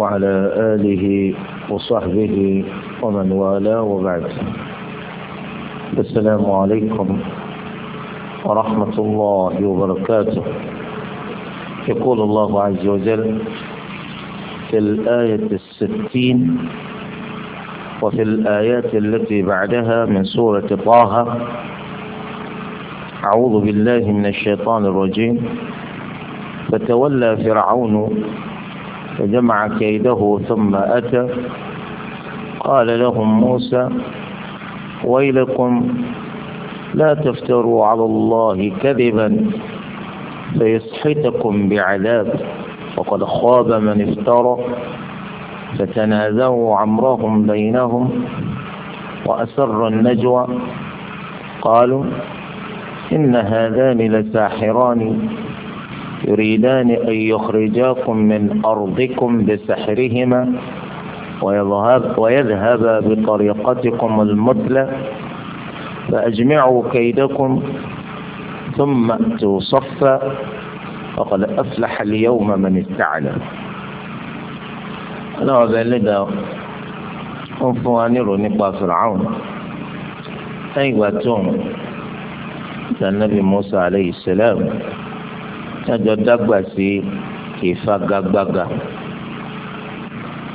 وعلى آله وصحبه ومن والاه وبعد السلام عليكم ورحمة الله وبركاته يقول الله عز وجل في الآية الستين وفي الآيات التي بعدها من سورة طه أعوذ بالله من الشيطان الرجيم فتولى فرعون فجمع كيده ثم أتى قال لهم موسى ويلكم لا تفتروا على الله كذبا فيسحتكم بعذاب وقد خاب من افترى فتنازعوا أمرهم بينهم وأسر النجوى قالوا إن هذان لساحران يريدان أن يخرجاكم من أرضكم بسحرهما ويذهب ويذهب بطريقتكم المثلى فأجمعوا كيدكم ثم أتوا صفا فقد أفلح اليوم من استعلى أنا أبلد أنفواني رنقى فرعون أيوة تون النبي موسى عليه السلام tájọ dàgbà sí ìfagagbága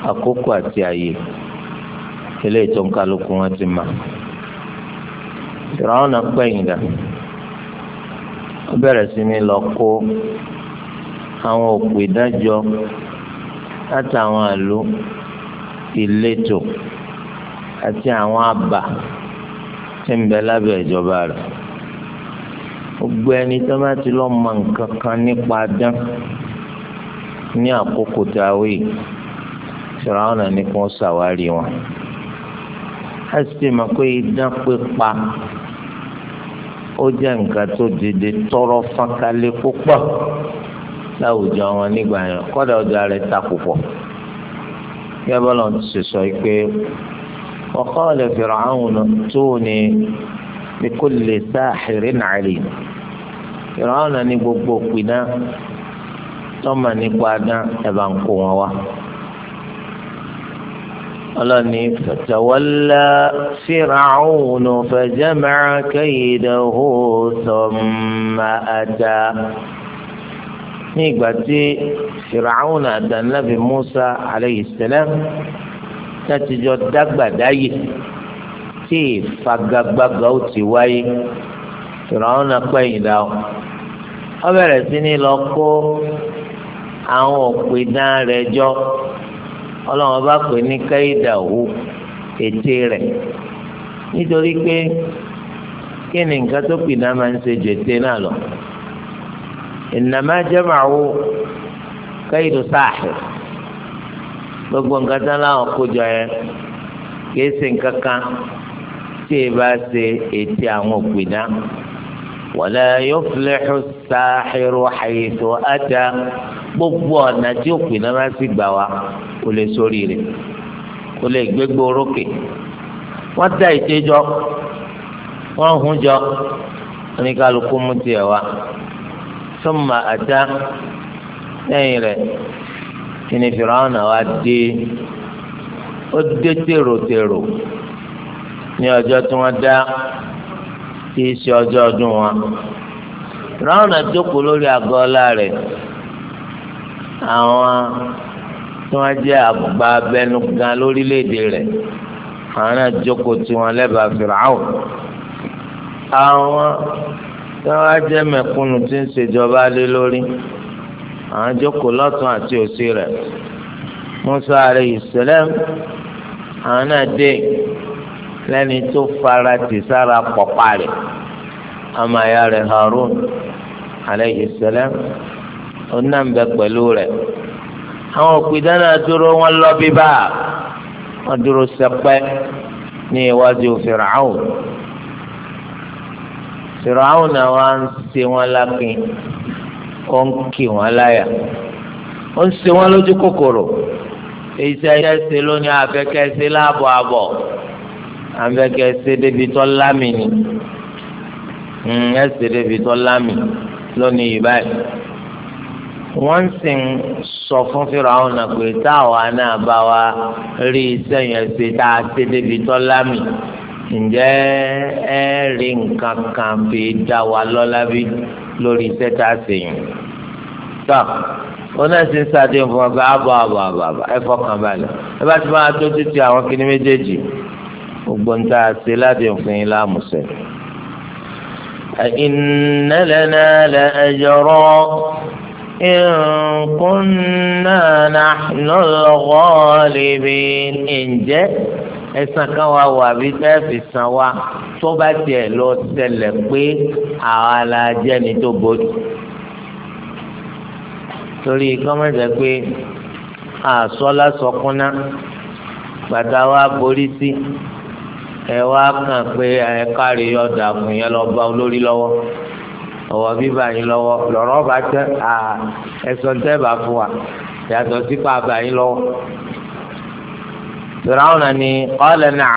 àkókò àti àyè eléyìí tó ń kálukú wọn ti mà fìràwọn náà pẹ̀yìn dà ó bẹ̀rẹ̀ sí ní lọ kó àwọn òpè dájọ látàwọn àlò ìletò àti àwọn àbà tí ń bẹ lábẹ́ ìjọba rẹ̀ gbogbo ẹni tó bá ti lọ mọ nǹkan kan nípa dán ní àkókò tá a wí Fìràwọ̀nà ni kò ṣàwárí wọn a sì mọ̀ pé idán pípa ó jẹ́ nǹkan tó dìde tọrọ fọ́nkálẹ̀ púpọ̀ láwùjọ wọn nígbà yẹn kọ́dà ọjà rẹ̀ ta púpọ̀ gẹ́gẹ́ ti ṣe sọ pé ọkọ̀ ọ̀lẹ̀ Fìràwọ̀nà tó ní bíkúlẹ̀ sáà hìrìnà àlè. Fìràwọ̀nà ní gbogbo òpìdá tọ́mà nípa dán ẹ̀bà ń kó wọn wá. ọlọ́ni fẹ̀tẹ̀wọ́lá fìràwọ̀nù fẹ̀jẹ̀mẹ̀ kẹ́yìndínlẹ́hó sọ̀mà àdá. ní ìgbà tí fìràwọ̀nù àdánlábì Musa alayhi salam láti jọ dágbàdáyè tí ìfagagbága ó ti wáyé fìràwọ̀nù apẹ́yìndà ọ̀ ó bẹ̀rẹ̀ sí ní lọ kó àwọn òpìdán rẹ̀ jọ ọlọ́run bá pè ní kẹ́hìndàwó ète rẹ̀ nítorí pé kí ni nǹkan tó pìdán máa ń ṣe ju ète náà lọ ìnàmá jẹ́màwó kẹ́hìndù sáàhì gbogbo nǹkan tán láwọn kó yẹn kìí ṣe nǹkan kan tí ì bá ṣe ète àwọn òpìdán wala yuflihu sáàhìrù àyètò àjà gbogbo ọ̀nà tí ó pè náà bá sì gbà wá kò lè sórí rẹ̀ kò lè gbégbó orókè wọ́n dá ìtẹ́jọ́ wọ́n hun jọ oníkálukú mú tiẹ̀ wá sọ́mà lẹ́yìn rẹ̀ kí ni fìràwọ̀nà wá dé ó dé ní ọjọ́ tí wọ́n dá í ṣe ọjọ́ ọdún wọn. fìràwọn àjókòó lórí àgọ́ ọlá rẹ̀ àwọn tí wọ́n jẹ́ àgbà abẹnú gan lórílẹ̀‐èdè rẹ̀ àwọn náà jókòó tí wọ́n lẹ́bàá fìràwọn àwọn tí wọ́n jẹ́ mẹ̀kúnnù tí ń ṣèjọba lé lórí àwọn jókòó lọ́tún àti òsì rẹ̀ Musa alayhi salam àwọn náà dé tó fara tì sára pọ̀pá rẹ̀ àmàyà rẹ̀ Harun alayhi salam ọ̀nà ń bẹ pẹ̀lú rẹ̀ àwọn òpìdánà dúró wọn lọ bíbá wọn dúró sẹpẹ́ ní iwájú fìràhùn fìràhùn náà wọn ń ṣe wọn lákin ó ń kì wọn láyà ó ń ṣe wọn lójú kòkòrò iṣẹ́ ẹsẹ̀ lónìí afẹ́kẹ́ ṣe láàbọ̀ àbọ̀ débi tó lámì ni hmm, ẹsẹ̀ débi tó lámì lónìí yìí báyìí wọ́n sì ń sọ fún Fíráwọn náà pé táwa náà bá wa rí iṣẹ́ yẹn ṣe tá a ṣe débi tọ́lá mi ǹjẹ́ ẹ rí nǹkan kan fi dá wa lọ́lá bí lórí iṣẹ́ tá a ṣe yẹn tọ́ onáṣe ń sàdéhùn fún ọgbà àbọ̀ àbọ̀ àbọ̀ ẹ fọkàn balẹ̀ ẹ bá ti máa tó títí àwọn kinní méjèèjì gbogbo ń tá ṣe ládéhùn fún yín láàmúṣẹ́. أئن لَنَا لأجرا إن كنا نحن الغالبين إن جئت ẹ̀san kan wà wà bí fẹ́ fi san wa tó bá tiẹ̀ lọ ṣẹlẹ̀ pé àwa la jẹ́ni tó bójú. torí kọ́mọ̀tà pé àsọ́lá sọkúnná bàtà wa borí sí ẹ wá kàn pé ẹ kárí ọ̀dà fún yẹn lọ bá olórí lọ́wọ́ ọ̀wọ́ bíbá yín lọ́wọ́ lọ́rọ́ bá tẹ ẹ̀sán tẹ́ bá fún wa yàtọ̀ sí bá yín lọ́wọ́. Fìràwọn ni ọ̀lẹ̀ náà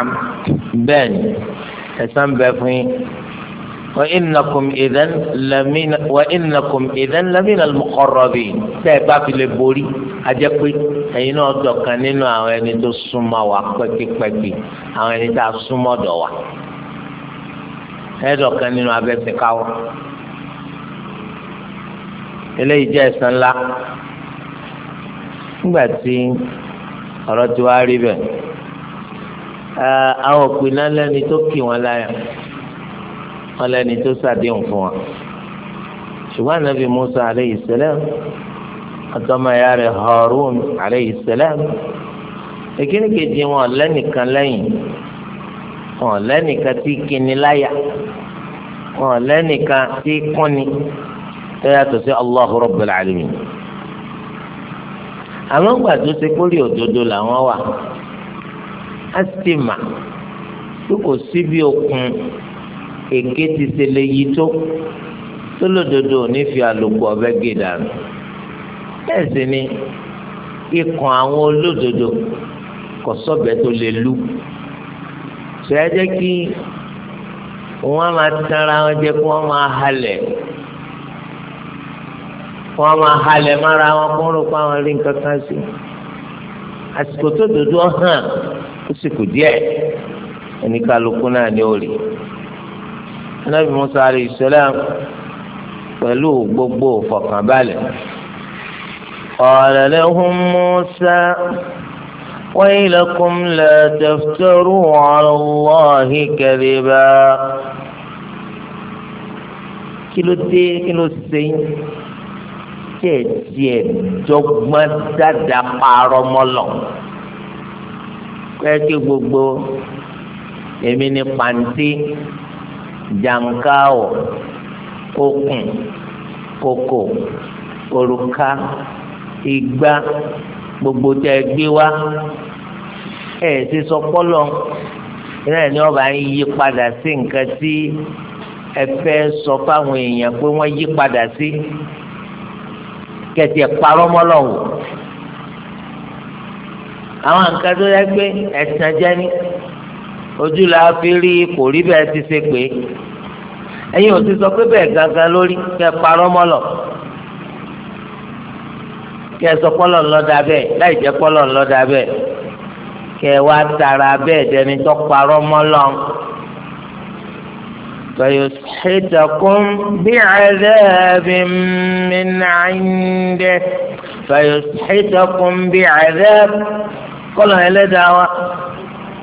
bẹ́ẹ̀ ni ẹ̀sán وإنكم إذن لمن وإنكم إذن لمن المقربين تبقى في البوري ajẹ́pé ẹ̀yin náà dọ̀kan nínú àwọn ẹni tó súnmọ́ wa pẹ́kípẹ́kí àwọn ẹni tá a súnmọ́ dọ̀ wa ẹ̀dọ̀kan nínú abẹ́sẹ̀ káwọ́ eléyìí jẹ́ ẹ̀san ńlá nígbà tí ọ̀rọ̀ ti wá rí bẹ̀ àwọn òpin náà lẹ́ni tó kì wọ́n láyà wọ́n lẹ́ni tó ṣàdéhùn fún wa ṣùgbọ́n ànábì Musa aleyhi sẹ́lẹ̀ àtọmọ ya rẹ̀ Harun alayhi salam ìkíni kejì wọn lẹ́nìkan lẹ́yìn wọn lẹ́nìkan tí kíni láyà wọn lẹ́nìkan tí kúnni ẹ yàtọ̀ sí Allahu Rabbul Alamin àwọn gbà tó ṣe kórè òdodo làwọn wà á sì mà tó kò sí bí okun èké ti ṣe lè yí tó tó lòdodo ní fi àlòkù ọ̀bẹ gé dànù bẹ́ẹ̀ sì ni ikùn àwọn olódodo kò sọ́bẹ̀ tó lè lu ṣe jẹ́ kí wọ́n máa tara wọn jẹ́ kí wọ́n máa halẹ̀ wọ́n máa halẹ̀ mára wọn kó rò pé àwọn rí nǹkan kan sí àsìkò tó dodo hàn ó sì kù díẹ̀ oníkàlùkù náà ní òòlì anábì Musa alayhi salam pẹ̀lú gbogbo ìfọ̀kànbalẹ̀. قال لهم موسى ويلكم لا تفتروا على الله كذبا kilo dé kilo sèyìn tí ẹ tiẹ̀ dọ́gbọ́n dáadáa parọ́ mọlọ kẹkẹ gbogbo èmi ni pàǹtí jàǹkáwọ okùn kòkò òrùka ìgbà gbogbo tẹ ẹ gbé wá ẹ ti sọ pọlọ iná ẹni ọba ń yí padà sí nǹkan tí ẹ fẹ́ sọ fáwọn èèyàn pé wọ́n yí padà sí kẹtì ẹ parọ́ mọ́lọ́wọ́ àwọn nǹkan tó yẹ pé ẹ̀sìn jẹ́ ní ojú la fi rí kò rí bẹ́ẹ̀ ti ṣe pé ẹ̀yin ò ti sọ pé bẹ́ẹ̀ gangan lórí kẹ́ parọ́ mọ́lọ́wọ́ kẹ sọ pọlọ ńlọdà bẹ́ẹ̀ láì jẹ pọlọ ńlọdà bẹ́ẹ̀ kẹ wá tara bẹ́ẹ̀ dẹni tó parọ́ mọlọ fayositakum bí ẹdẹẹbi mìnàndẹ fayositakum bí ẹdẹẹbi kọlọ Ẹlẹ́dàá wa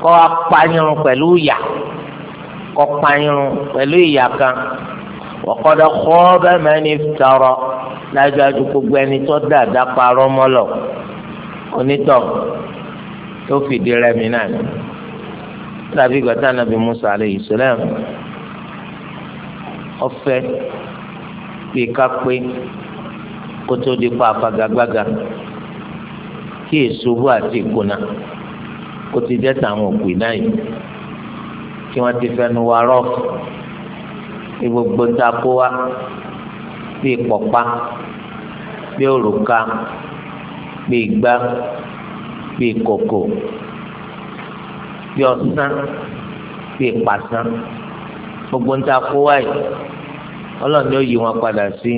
kọ apanyirun pẹ̀lú ìyà kọ apanyirun pẹ̀lú ìyà kan wọkọdọ kọ bẹ́ẹ̀ mẹni tọrọ lájọ́jú gbogbo ẹni tó dáadáa parọ́ mọ́lọ̀ onítọ̀ tó fìdí rẹmi náà ni tàbí gbàtà nàbí Musa aleyhi sẹlẹm ọfẹ bí kápé kótó di pa àfagagbága kí èṣubú àti ìkùnà kó ti jẹ́ tàwọn òkú náà yìí kí wọ́n ti fẹnu wa rọ́ọ̀fù ní gbogbo ta kó wa bíi pọ̀pá bíi òrùka bíi igbá bíi kòkò bíi ọ̀sán bíi pàṣán gbogbo ń ta kó wáyé ọlọ́run ló yí wọn padà sí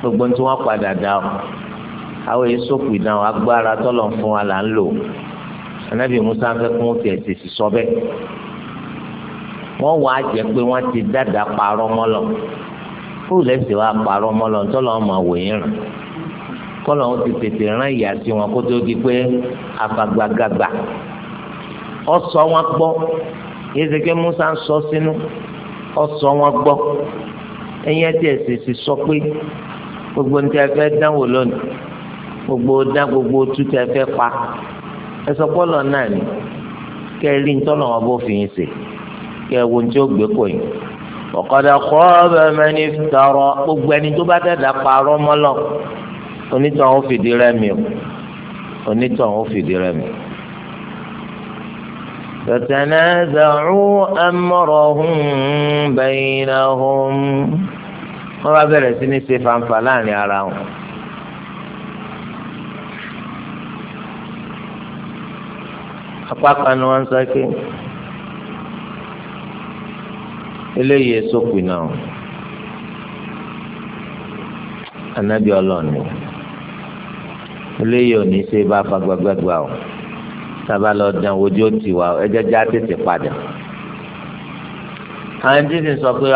gbogbo tí wọ́n padà dá ọ àwọn èyí sọ́kù ìdáhùn agbára tọ́lọ̀ fún wa là ń lò ànábì Musa fẹ́ kún ó tiẹ̀ tètè sọ wọ́n wàá jẹ́ pé wọ́n ti dáadáa parọ́ mọ́lọ̀ kúfúrú lẹ́sìn wa parọ́ ọmọ lọ nítorí wọn máa wò yín rìn kọ́lọ̀ wọn ti tètè rán ìyá sí wọn kó tó di pé afagbagagba ọsọ wọn gbọ́ yézeke musa ń sọ sínú ọsọ wọn gbọ́ ẹ̀yin ẹtì ẹ̀sìsì sọ pé gbogbo ní tẹ́ fẹ́ dánwò lónìí gbogbo dán gbogbo tú tẹ́ fẹ́ pa ẹsọ pọ́lọ̀ náà ni kẹ́ ẹ rí ní tọ́lọ̀ wọn bó fi yín sè kẹ́ ẹ wo ní tí ó gbé kò yín ọ̀kadà kọ́ bẹ́ẹ̀mẹ́ni tọrọ gbogbo ẹni tó bá dàda parọ́ mọ́lọ̀ onítàn ó fìdí rẹmi o onítàn ó fìdí rẹmi. فتنازعوا أمرهم بينهم wọ́n bá bẹ̀rẹ̀ sí ní ṣe fanfa láàrin ara wọn. apá kan ni wọ́n ń sọ pé eléyìí sópin náà anabi ọlọ́ọ̀ni eléyìí ò ní ṣe bá fagbágbágbá o sábà lọ dán ojú ó ti wá ẹ jẹjẹ á tètè padà àwọn tí sì sọ pé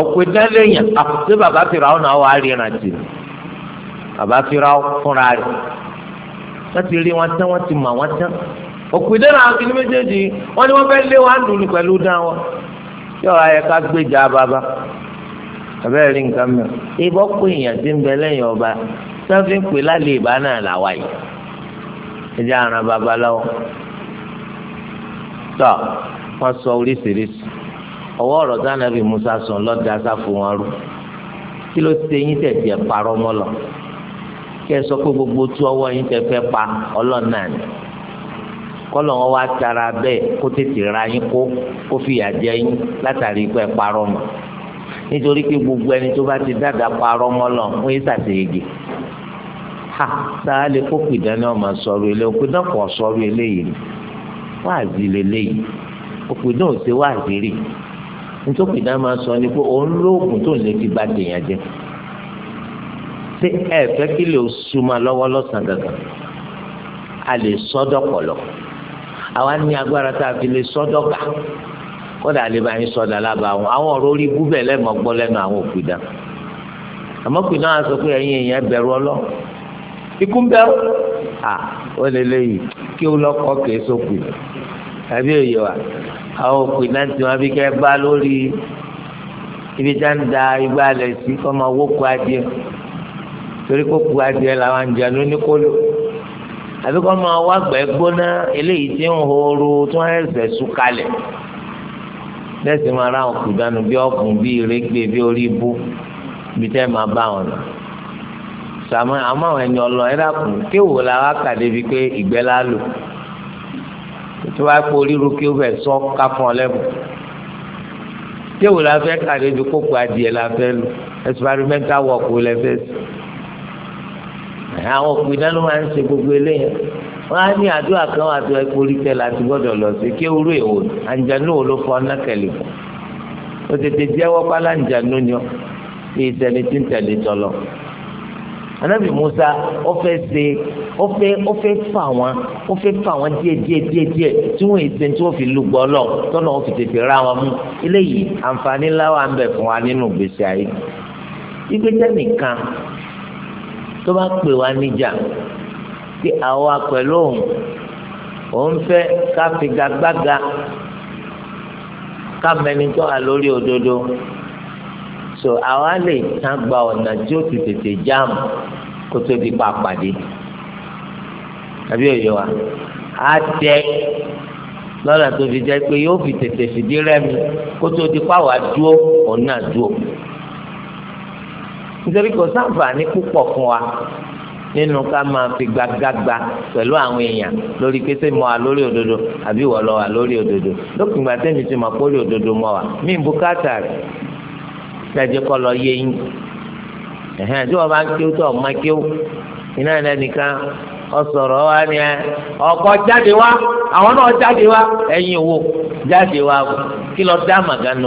ọkùnrin dán léèyàn àti ah, bàbá fìrà ọ̀nà wà á ríran tì bàbá fìrà fúnra rẹ̀ wọ́n ti rí wọn tán wọ́n ti mọ̀ wọ́n tán òkùnrin dán àwọn kìnnìún méjèèjì wọ́n ní wọ́n fẹ́ lé wọn dùn ní pẹ̀lú dán wọn yóò ayẹ ká gbèjà bàbá abẹ́rẹ́ rí nǹkan mọ̀ ìbọn pé èèyàn ti ń bẹ lẹ́yìn ọba sáfì ń pè lálẹ́ ìbá náà làwa yìí ẹjẹ́ àrùn babaláwo tọ́ wọ́n sọ oríṣiríṣi ọwọ́ ọ̀rọ̀ sànàbì Musa sùn lọ́dà sáfù wọn rú kí ló ṣe yín tẹ̀sí ẹ̀ parọ́ mọ́ lọ kí ẹ sọ pé gbogbo tú ọwọ́ yín tẹ fẹ́ pa ọlọ́ọ̀nà ni. kọlọ wọn tara bẹ́ẹ̀ kó tètè ra yín kó kó fìyà jẹ yín látàrí pé nítorí pé gbogbo ẹni tó bá ti dáadáa parọ́ lọ ń ha sáà lè kó pìdánù ọmọ sọ̀rọ̀ ilé òpìdán kò sọ̀rọ̀ ilé yìí wáàzì lélẹ́yìí òpìdán ò ṣe wáàzì rí nítorí pìdánù máa sọ ni pé òun lóògùn tó lè fi bá dèèyàn jẹ ṣé ẹ fẹ́ kí lè súnmọ́ lọ́wọ́ lọ́sàn-án gàgà a lè àwa ní agbára tá a fi lè sọdọgà kódà lè bá yín sọdọ alábàá wọn àwọn ọ̀rọ̀ orí ibú bẹ́ẹ̀ lẹmọ gbọ́ lẹ́nu àwọn òpìdá àmọ́ pìnà á sọ pé ẹ̀yin èèyàn bẹ̀rù ọlọ ikú ń bẹ̀rù à ó lè léyìí kí ó lọkọ kìí sókùn tàbí èyí wa àwọn òpìdá tí wọn fi kẹ bá lórí ibi tá ń da igbá lẹ sí kọ́ máa wó ku adìẹ torí kó ku adìẹ làwọn àǹjẹ̀ ló ní kó lò àbí kọ́ máa wá gbẹ́ gbóná eléyìí tí ń horo tí wọ́n ẹ̀sẹ̀ sùn kalẹ̀ lẹ́sì máa ra àwọn kùdánù bí ọkùn bí ìrégbè bí orí ibú bí tẹ́ máa bá wọn lọ. sàmọ́ àmọ́ àwọn ẹni ọlọ́ ẹ dàkún kéwò la wá kà débi pé ìgbẹ́ la lò tí wàá pé oríru kí ó fẹ́ sọ ká fún ọ lẹ́bù kéwò la fẹ́ kà débi kókò adìẹ la fẹ́ lò experimental work wo lẹ fẹ́ àwọn òpinna ló máa ń ṣe gbogbo eléyìí wọn á ní àdúrà kan àti ẹkọrí tẹ láti gbọ́dọ̀ lọ sí kí ewúro èwo àǹjànú wo ló fọ nákẹlẹ fún o tètè jẹ́wọ́ pálá àǹjànú ni ọ bí ìsẹni tí ń tẹ̀lé tọlọ anabi musa ó fẹ́ ṣe ó fẹ́ ó fẹ́ fà wọn ó fẹ́ fà wọn díẹ̀ díẹ̀ díẹ̀ díẹ̀ tí wọn èsè tí wọn fi lu gbọlọ tọnà wọn fi tètè ra wọn mú eléyìí àǹfààní ńlá wà ń bẹ fún wa nínú gbèsè ayé ìgbésẹ̀ nìkan tó bá pè wá níjà tí àwa pẹ̀lú òun òun fẹ́ ká figagbága ká mẹnitọ́ à lórí òdodo so àwa lè tán gba ọ̀nà tí ó ti tètè jam, kó tó di pa àpàdé àbí òye wa á tẹ lọ́nà tó fi jẹ́ pé yóò fi tètè fìdí rẹ́mi kó tó di pa wá dúó òun dúó. nítorí kò sáǹfààní púpọ̀ fún wa nínú ká máa fi gbagbagba pẹ̀lú àwọn èèyàn lórí pété mọ́ wa lórí òdodo àbí wọ́n lọ lórí òdodo lópin ìgbà tẹ́mi ti mọ̀ pé òdodo mọ́ wa mí bùkátà rẹ̀ tẹ́jẹ́ kọ́ lọ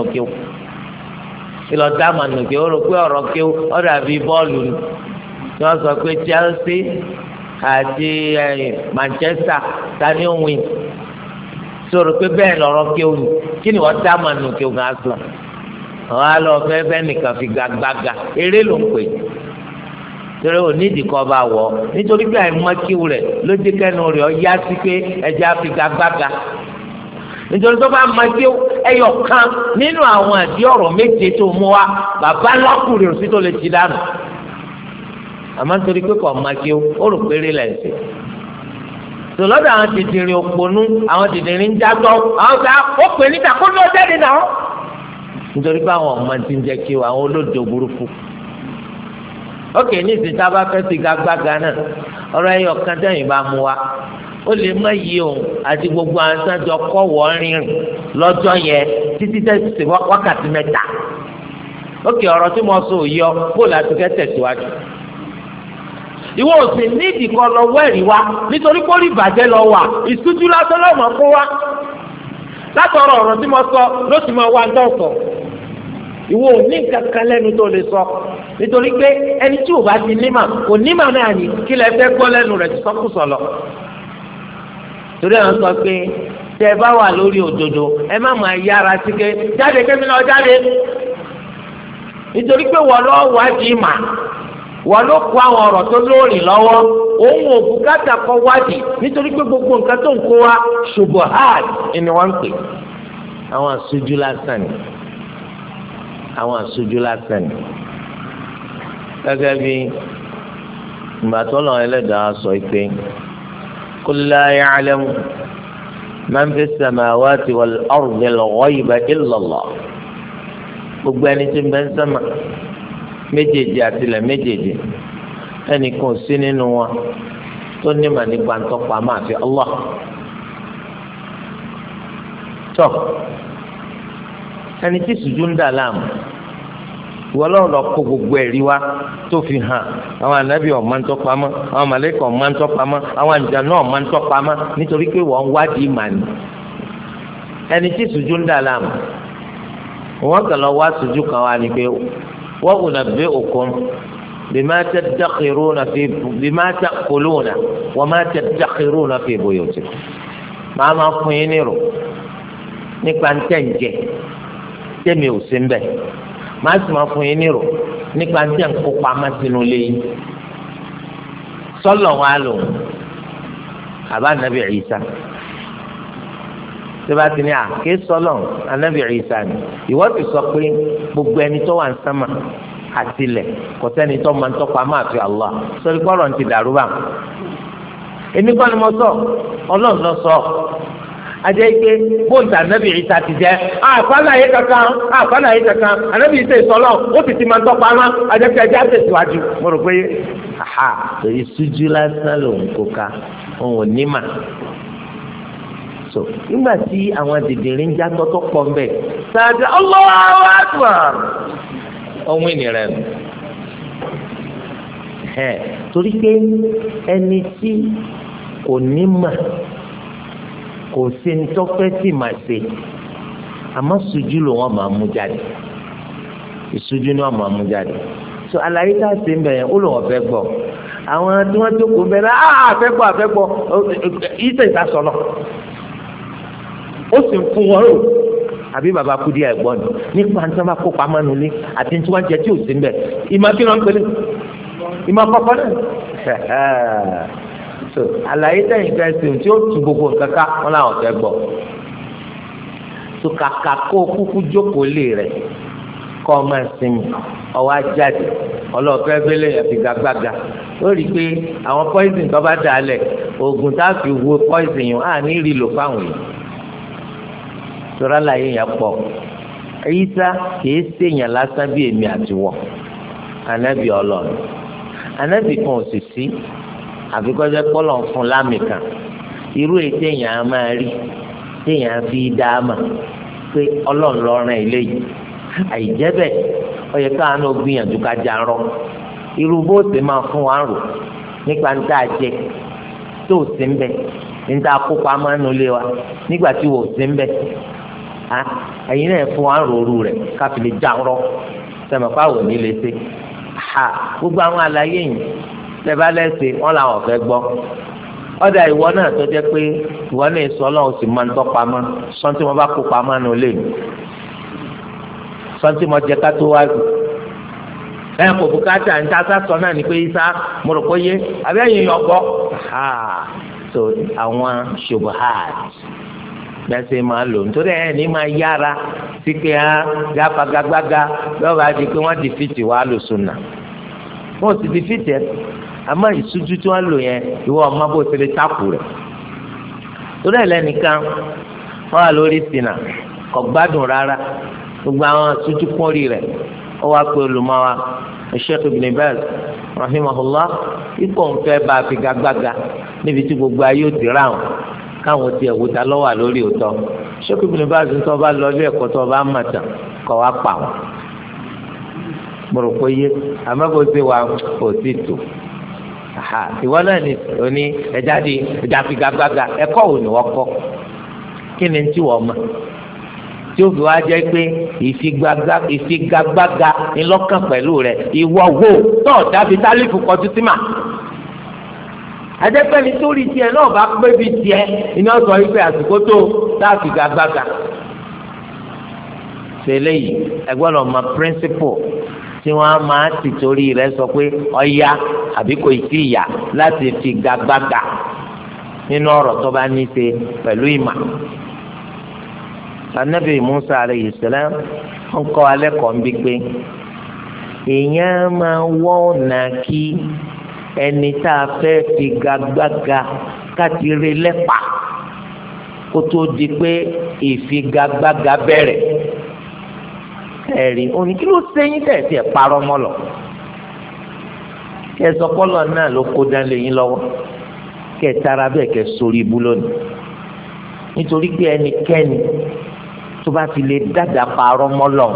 yé ìlọ dáàmà nùgbẹ́ ó rò pé ọ̀rọ̀ kí ó dàbí bọ́ọ̀lù ni wọ́n sọ pé Chelsea àti Manchester tani ó win sọ̀rọ̀ pé bẹ́ẹ̀ lọ́rọ̀ kí ó ní kí ni wọ́n dáàmà nùgbẹ́ ògùn aslam àwọn alọ fẹ́ fẹ́ nìkan fi gbàgbàgà eré ló ń pè torí òní ìdìkọ́ bá wọ̀ nítorí pé àìmọ́kíw rẹ̀ ló dé kẹ́nu rẹ̀ ọ yá sí pé ẹja fi gbàgbàgà nítorí tó bá máa tí ẹyọ kan nínú àwọn àdí ọ̀rọ̀ méje tó mú wa bàbá lọ́kùnrin òsì tó lè ti dànù àmọ́ nítorí pé kò máa tí ó rò péré lẹ́sìn tòlọ́dọ̀ àwọn dìdìrín òpònú àwọn dìdìrín jágbọ́ àwọn sá ó pè níta kó ló jáde náà nítorí pé àwọn ọmọ ti ń jẹ́ kí àwọn olódò burúkú ókè ní ìsìn tá fẹ́ ti gagbága náà ọ̀rọ̀ ẹ̀yọ̀ kan tẹ̀yìn bá mú wa ó lè má yí òun àti gbogbo àǹsájọ kọ́ wọ́ rìnrìn lọ́jọ́ yẹn títí tẹ̀sí wákàtí mẹ́ta ókè ọ̀rọ̀ tí mo sọ yọ kó láti fẹ́ tẹ̀síwájú ìwọ òsè nídìí kan lọ wẹ́rì wa nítorí pólí ìbàjẹ́ lọ wà ìtújú lásán lọ́mọ fún wa látọ̀rọ̀ ọ̀rọ̀ tí mo sọ ló ti máa wá ń dọ̀sọ̀ ìwọ ò ní nǹkan kan lẹ́nu tó lè sọ nítorí pé ẹni tí ò bá ti nímà kò nímà náà ní kí lẹ fẹ́ gbọ́ lẹ́nu rẹ̀ ti sọ́kùsọ̀ lọ. torí àwọn sọ pé tẹ bá wà lórí òdodo ẹ má máa yára sí ké jáde kémi náà jáde nítorí pé wọ́n lọ́ọ́ wájú ìmà wọ́n ló kó àwọn ọ̀rọ̀ tó lọ́wọ́ òun kọ́ wádìí nítorí pé gbogbo nǹkan tó ń kó wa hard ni wọ́n ń pè àwọn aṣojú lásán ni àwọn aṣojú lásán ni gẹ́gẹ́ bí ìgbà tó sọ pé. قل لا يعلم من في السماوات والأرض الغيب إلا الله gbogbo ẹni tí ń bẹ ń sánmà méjèèjì àtìlẹ̀ méjèèjì ẹnì kan sí nínú wọn tó nímọ̀ nípa ntọ́pa máa fi Allah tọ́ ẹni tí sùjú ń dà láàmú ìwọ lọ́wọ́ lọ kó gbogbo ẹ̀rí wa tó fi hàn àwọn ànábì ọ̀ma ń tọ́pamọ́ àwọn màlẹ́kọ̀ ọ̀ma ń tọ́pamọ́ àwọn àjùjá náà ọ̀ma ń tọ́pamọ́ nítorí pé wọ́n ń wádìí màní ẹni tí sùjú ń dà láàmú wọ́n kàn lọ wá sùjú kan wá ní pé wọ́n kò nàbí òkun bima tadakhiruna fi bima takuluna wa ma tadakhiruna fi buyutikum màá máa fún yín nírò nípa ń tẹ̀ ń jẹ màá sì máa fún yín nírò nípa tí à ń kó pamọ́ sínú ilé yín sọlọ wọn lò àbá nàbì Ìsá tẹ́bá ti ní à ké sọlọ ànàbì Ìsá ni ìwọ ti sọ pé gbogbo ẹni tó wà ń sánmà àtìlẹ̀ kò sẹ́ni tó máa ń tọ́pa máa fi Allah sọ́rí kọ́rọ̀ ti dàrú bá èmi kọ́ ni mo sọ ọlọ́run lọ sọ ajẹ́ ike bóńtà anabi ìta ti jẹ́ àfàlàyé kankan àfàlàyé kankan anabi ìta ìsọlọ ó ti ti máa tọpa ama ajẹ́ pé ẹjẹ́ àtẹ̀síwájú mo rò pé aha ìṣújú lásán lòun kó ká òun ò ní mà nígbà tí àwọn já tọ́tọ́ pọ̀ ń bẹ̀ ohun nù torí pé ẹni tí kò kò sí ní tọ́fẹ́ tì máa ṣe àmọ́ sùjú ló wọ́n máa mú jáde ìsújú ni wọ́n máa mú jáde so àlàyé tá a ṣe ń bẹ̀yẹn ó lò wọ́n fẹ́ gbọ́ àwọn tí wọ́n tó kó bẹ́ẹ̀ náà á ah, fẹ́ gbọ́ àfẹ́ gbọ́ ìṣe ìsásọ̀nà ó sì ń fún wọn rò àbí baba kudi ẹ̀gbọ́n ni nípa ní wọ́n bá kó pamọ́ nulẹ̀ àti tí wọ́n jẹ tí ò sí ń bẹ̀ ìmọ̀ kí wọ́n ń pèlè ìmọ̀ kọ́kọ́ náà so àlàyé tẹ̀yìn fẹ́ sìn tí ó tu gbogbo nǹkan ká wọn làwọn fẹ́ gbọ́ so kàkà kó kúkú jókòó lè rẹ̀ kọ́ ọmọ ìsinmi ọwọ́ ajáde ọlọ́ọ̀fẹ́ gbélé àfigagbága ó rí i pé àwọn poison tó bá dà á lẹ̀ oògùn tá a fi wo poison yìí á rí lò fáwọn yìí sọ̀rọ̀ àlàyé yẹn pọ̀ Ìsá kìí ṣèyàn lásán bí èmi àtiwọ̀ ànábì ọlọ́run ànábì kan ò sì sí. àfi kọjá pọlọ fún lámì kan irú ètè a máa rí ètè yẹn fi dá a mà pé Ọlọ́run lọ́rùn ilé yìí àìjẹ́ bẹ́ẹ̀ ó yẹ gbìyànjú ká já rọ irú bó ṣe máa fún wa rò nípa jẹ wa nígbà tí wò sí náà fún wa rò rú já rọ ní lè ṣe tẹ̀bá lẹ́sìn wọn làwọn fẹ́ gbọ́ ọ̀dà ìwọ náà tó jẹ́ pé ìwọ náà sọ ọlọ́run sì máa ń tọ́ pamọ́ sọ́ńtì wọn bá kó pamọ́ nù lé mi sọ́ńtì wọn jẹ ká tó wá jù ẹ kò bùkátà sọ náà ní pé isa mo rò pé yé so àwọn ṣubuhat gbèsè máa lò nítorí ní máa yára sí pé ah, á gbàgbàgbàgbà pé wọ́n fìtì lò sùn náà sì fìtì àmọ́ ìṣújú tí wọ́n lò yẹn ìwọ ọmọ bó ṣe lè tápù rẹ̀ torí ẹ̀ lẹ́nìkan wọ́n wà lórí sinà kò gbádùn rárá gbogbo àwọn ìṣújú kún rẹ̀ ó wá pé olùmọ̀ wa Sheikh Ibn Baz rahimahullah ikú òun fẹ́ bá a fi gagbága níbi tí gbogbo ayé ò ti ráhùn káwọn ti ẹ̀wò ta lọ́wọ́ lórí òótọ́ Sheikh Ibn Baz ń tọ́ bá lọ ilé ẹ̀kọ́ tó bá mà tán kọ́ wá pa wọn. mo rò pé yé àmọ́ bó ṣe wà kò sí tò ìwọ náà ni òní ẹja di ẹja fi gbagbaga ẹ̀kọ́ wo ni wọ́n kọ́ kí ni tí wọ́n mọ̀ tí ó fi wá jẹ́ pé ìfigagbága ńlọ́kàn pẹ̀lú rẹ̀ ìwọ wo tó dábì tálífù kọjú sí mà adẹ́pẹ́ni tó rí tiẹ̀ náà bá pé bí tiẹ̀ iná sọ wípé àsìkò tó láàfin gbagbaga ṣẹlẹ̀ yìí ẹgbọ́n ọmọ píríncípù tí wọ́n máa ti torí rẹ̀ sọ pé ọ̀ya àbí kò tí ì yá láti fi gagbága nínú ọ̀rọ̀ tó bá ní í ṣe pẹ̀lú ìmọ̀. anabi musa aleyhi salam ń kọ́ alẹ́ kọ́ ń bí pé èèyàn máa wọ́ ọ̀nà kí ẹni tá a fẹ́ fi gagbága káàkiri lẹ́pà kó tó di pé ìfigagbága bẹ̀rẹ̀ ẹ̀rí òní kí ló sẹ́yìn tẹ̀sí ẹ̀ parọ́ mọ́ lọ. kẹ sọ kọ́lọ̀ náà ló kó dánlé yín lọ́wọ́ kẹ tara bẹ́ẹ̀ kẹ sórí ibú lónìí nítorí pé ẹnikẹ́ni tó bá ti lè dáadáa parọ́ mọ́ lọ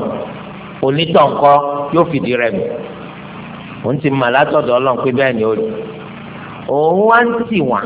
onítọ̀ǹkọ́ yóò fìdí rẹ̀ mi òun ti mà látọ̀dọ̀ ọlọ́run pé bẹ́ẹ̀ ni ó rí òun wá ń tì wọ́n.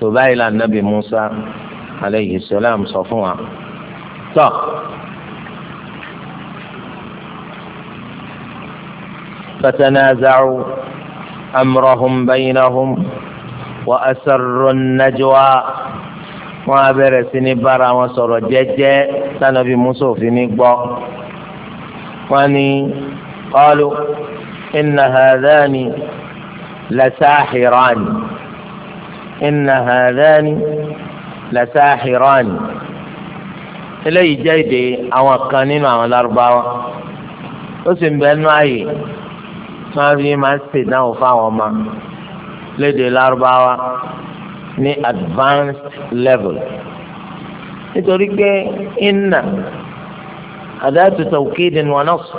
tó báyìí là nàbì Musa aleyhi salam sọ fún wa tọ. فتنازعوا أمرهم بينهم وأسروا النجوى wọ́n á bẹ̀rẹ̀ sí ní bára wọn sọ̀rọ̀ jẹ́jẹ́ sanabi musa òfin ní gbọ́ wọ́n ní qalu inna hadhani lasaahirani inna هذان لساحران eléyìí jẹ́ èdè àwọn kan nínú àwọn lárúbáwá ó sì ń bẹ nú ààyè tí fi máa ń ṣèdánwò fáwọn ọmọ lédè lárúbáwá ní advanced level nítorí pé inna adatu tawkidin wa nasr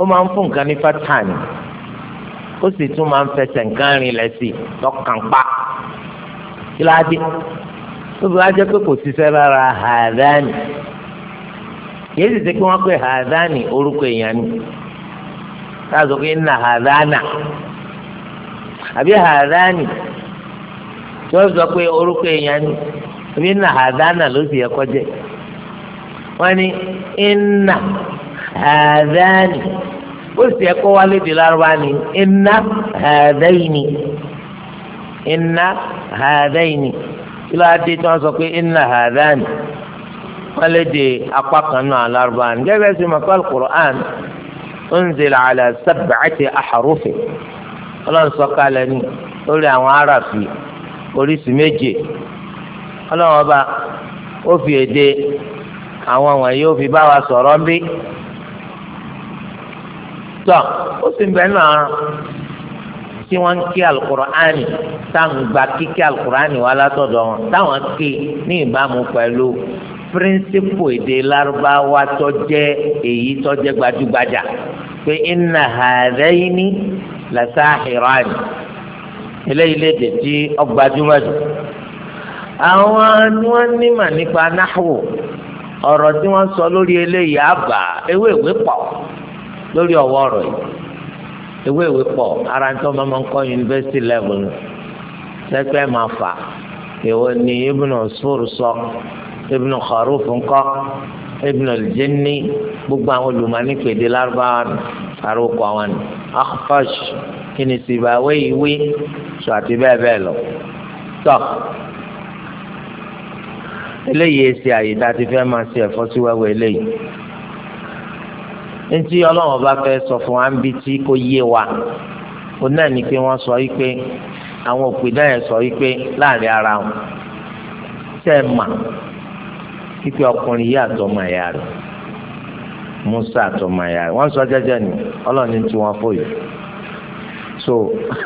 ó máa ń fún nǹkan ní fatani ó sì tún máa ń fẹsẹ̀ nǹkan rìn lẹ̀ sí lọ́kàn pa kí ló á dé ó fi wá jẹ́ pé kò ṣiṣẹ́ rárá hàdáni kìí sì ṣe pé wọ́n pè hàdáni orúkọ èèyàn ni káàzọ pé ń na hàdánà àbí hàdánì tí wọ́n sọ pé orúkọ èèyàn ni àbí ń na hàdánà ló sì yẹ kọjá wọ́n ní ń na hàdánì ó sì ẹ̀kọ́ wa lédè lárúbá ni inna hadaini inna hadaini kí ló dé tí wọ́n sọ pé inna hadani wọ́n lédè apá kan náà lárúbá ni gẹ́gẹ́ sí mọ̀kọ́ alukur'an unzila ala sab'ati aharufi ọlọ́run sọ kalẹ̀ ni lórí àwọn aráàfin oríṣi méje ọlọ́run ọba ó fi èdè àwọn wọ̀nyí ó fi bá wa sọ̀rọ̀ ń bí tọ́ ó sì ń bẹ náà tí wọ́n ń kí alukur'ani táwọn gba kíkí alukur'ani wà látọ̀dọ̀ wọn táwọn ké ní ìbámu pẹ̀lú píríncípù èdè lárúbáwá tó jẹ́ èyí tó jẹ́ gbajúgbajà pé inna hadaini lasahirani eléyìí léde tí ọgbajúmọ̀ jù àwọn ni wọ́n nímọ̀ nípa náhù ọ̀rọ̀ tí wọ́n sọ lórí eléyìí àbá ewé ìwé pọ̀ lórí ọwọ́ ọ̀rọ̀ yìí ewé ìwé pọ̀ ara tó máa ń kọ́ yunifásitì level sẹ́pẹ́ máa fà ìwọ ni Ibn Usfur sọ Ibn Kharuf ńkọ́ Ibn al-Jinni gbogbo àwọn olùmọ̀ọ́nì pèdè lárúbáwá àròkọ àwọn ni Akhfash kíni sìbáwé ìwé sọ àti bẹ́ẹ̀ bẹ́ẹ̀ lọ tọ́ eléyìí èsì àyè tá a ti fẹ́ máa ṣe ẹ̀fọ́ sí eléyìí ntí ọlọ́run bá fẹ́ sọ fún wa ń bi tí kò yé wa òun náà ni pé wọ́n sọ yìí pé àwọn òpìdá yẹn sọ yìí pé láàrin ara wọn tẹ́ ẹ mà pípẹ́ ọkùnrin yìí àtọmọ ẹ̀yà rẹ̀ Musa àtọmọ ẹ̀yà rẹ̀ wọ́n sọ jẹ́jẹ́ ni ọlọ́run ní tí wọ́n fòye so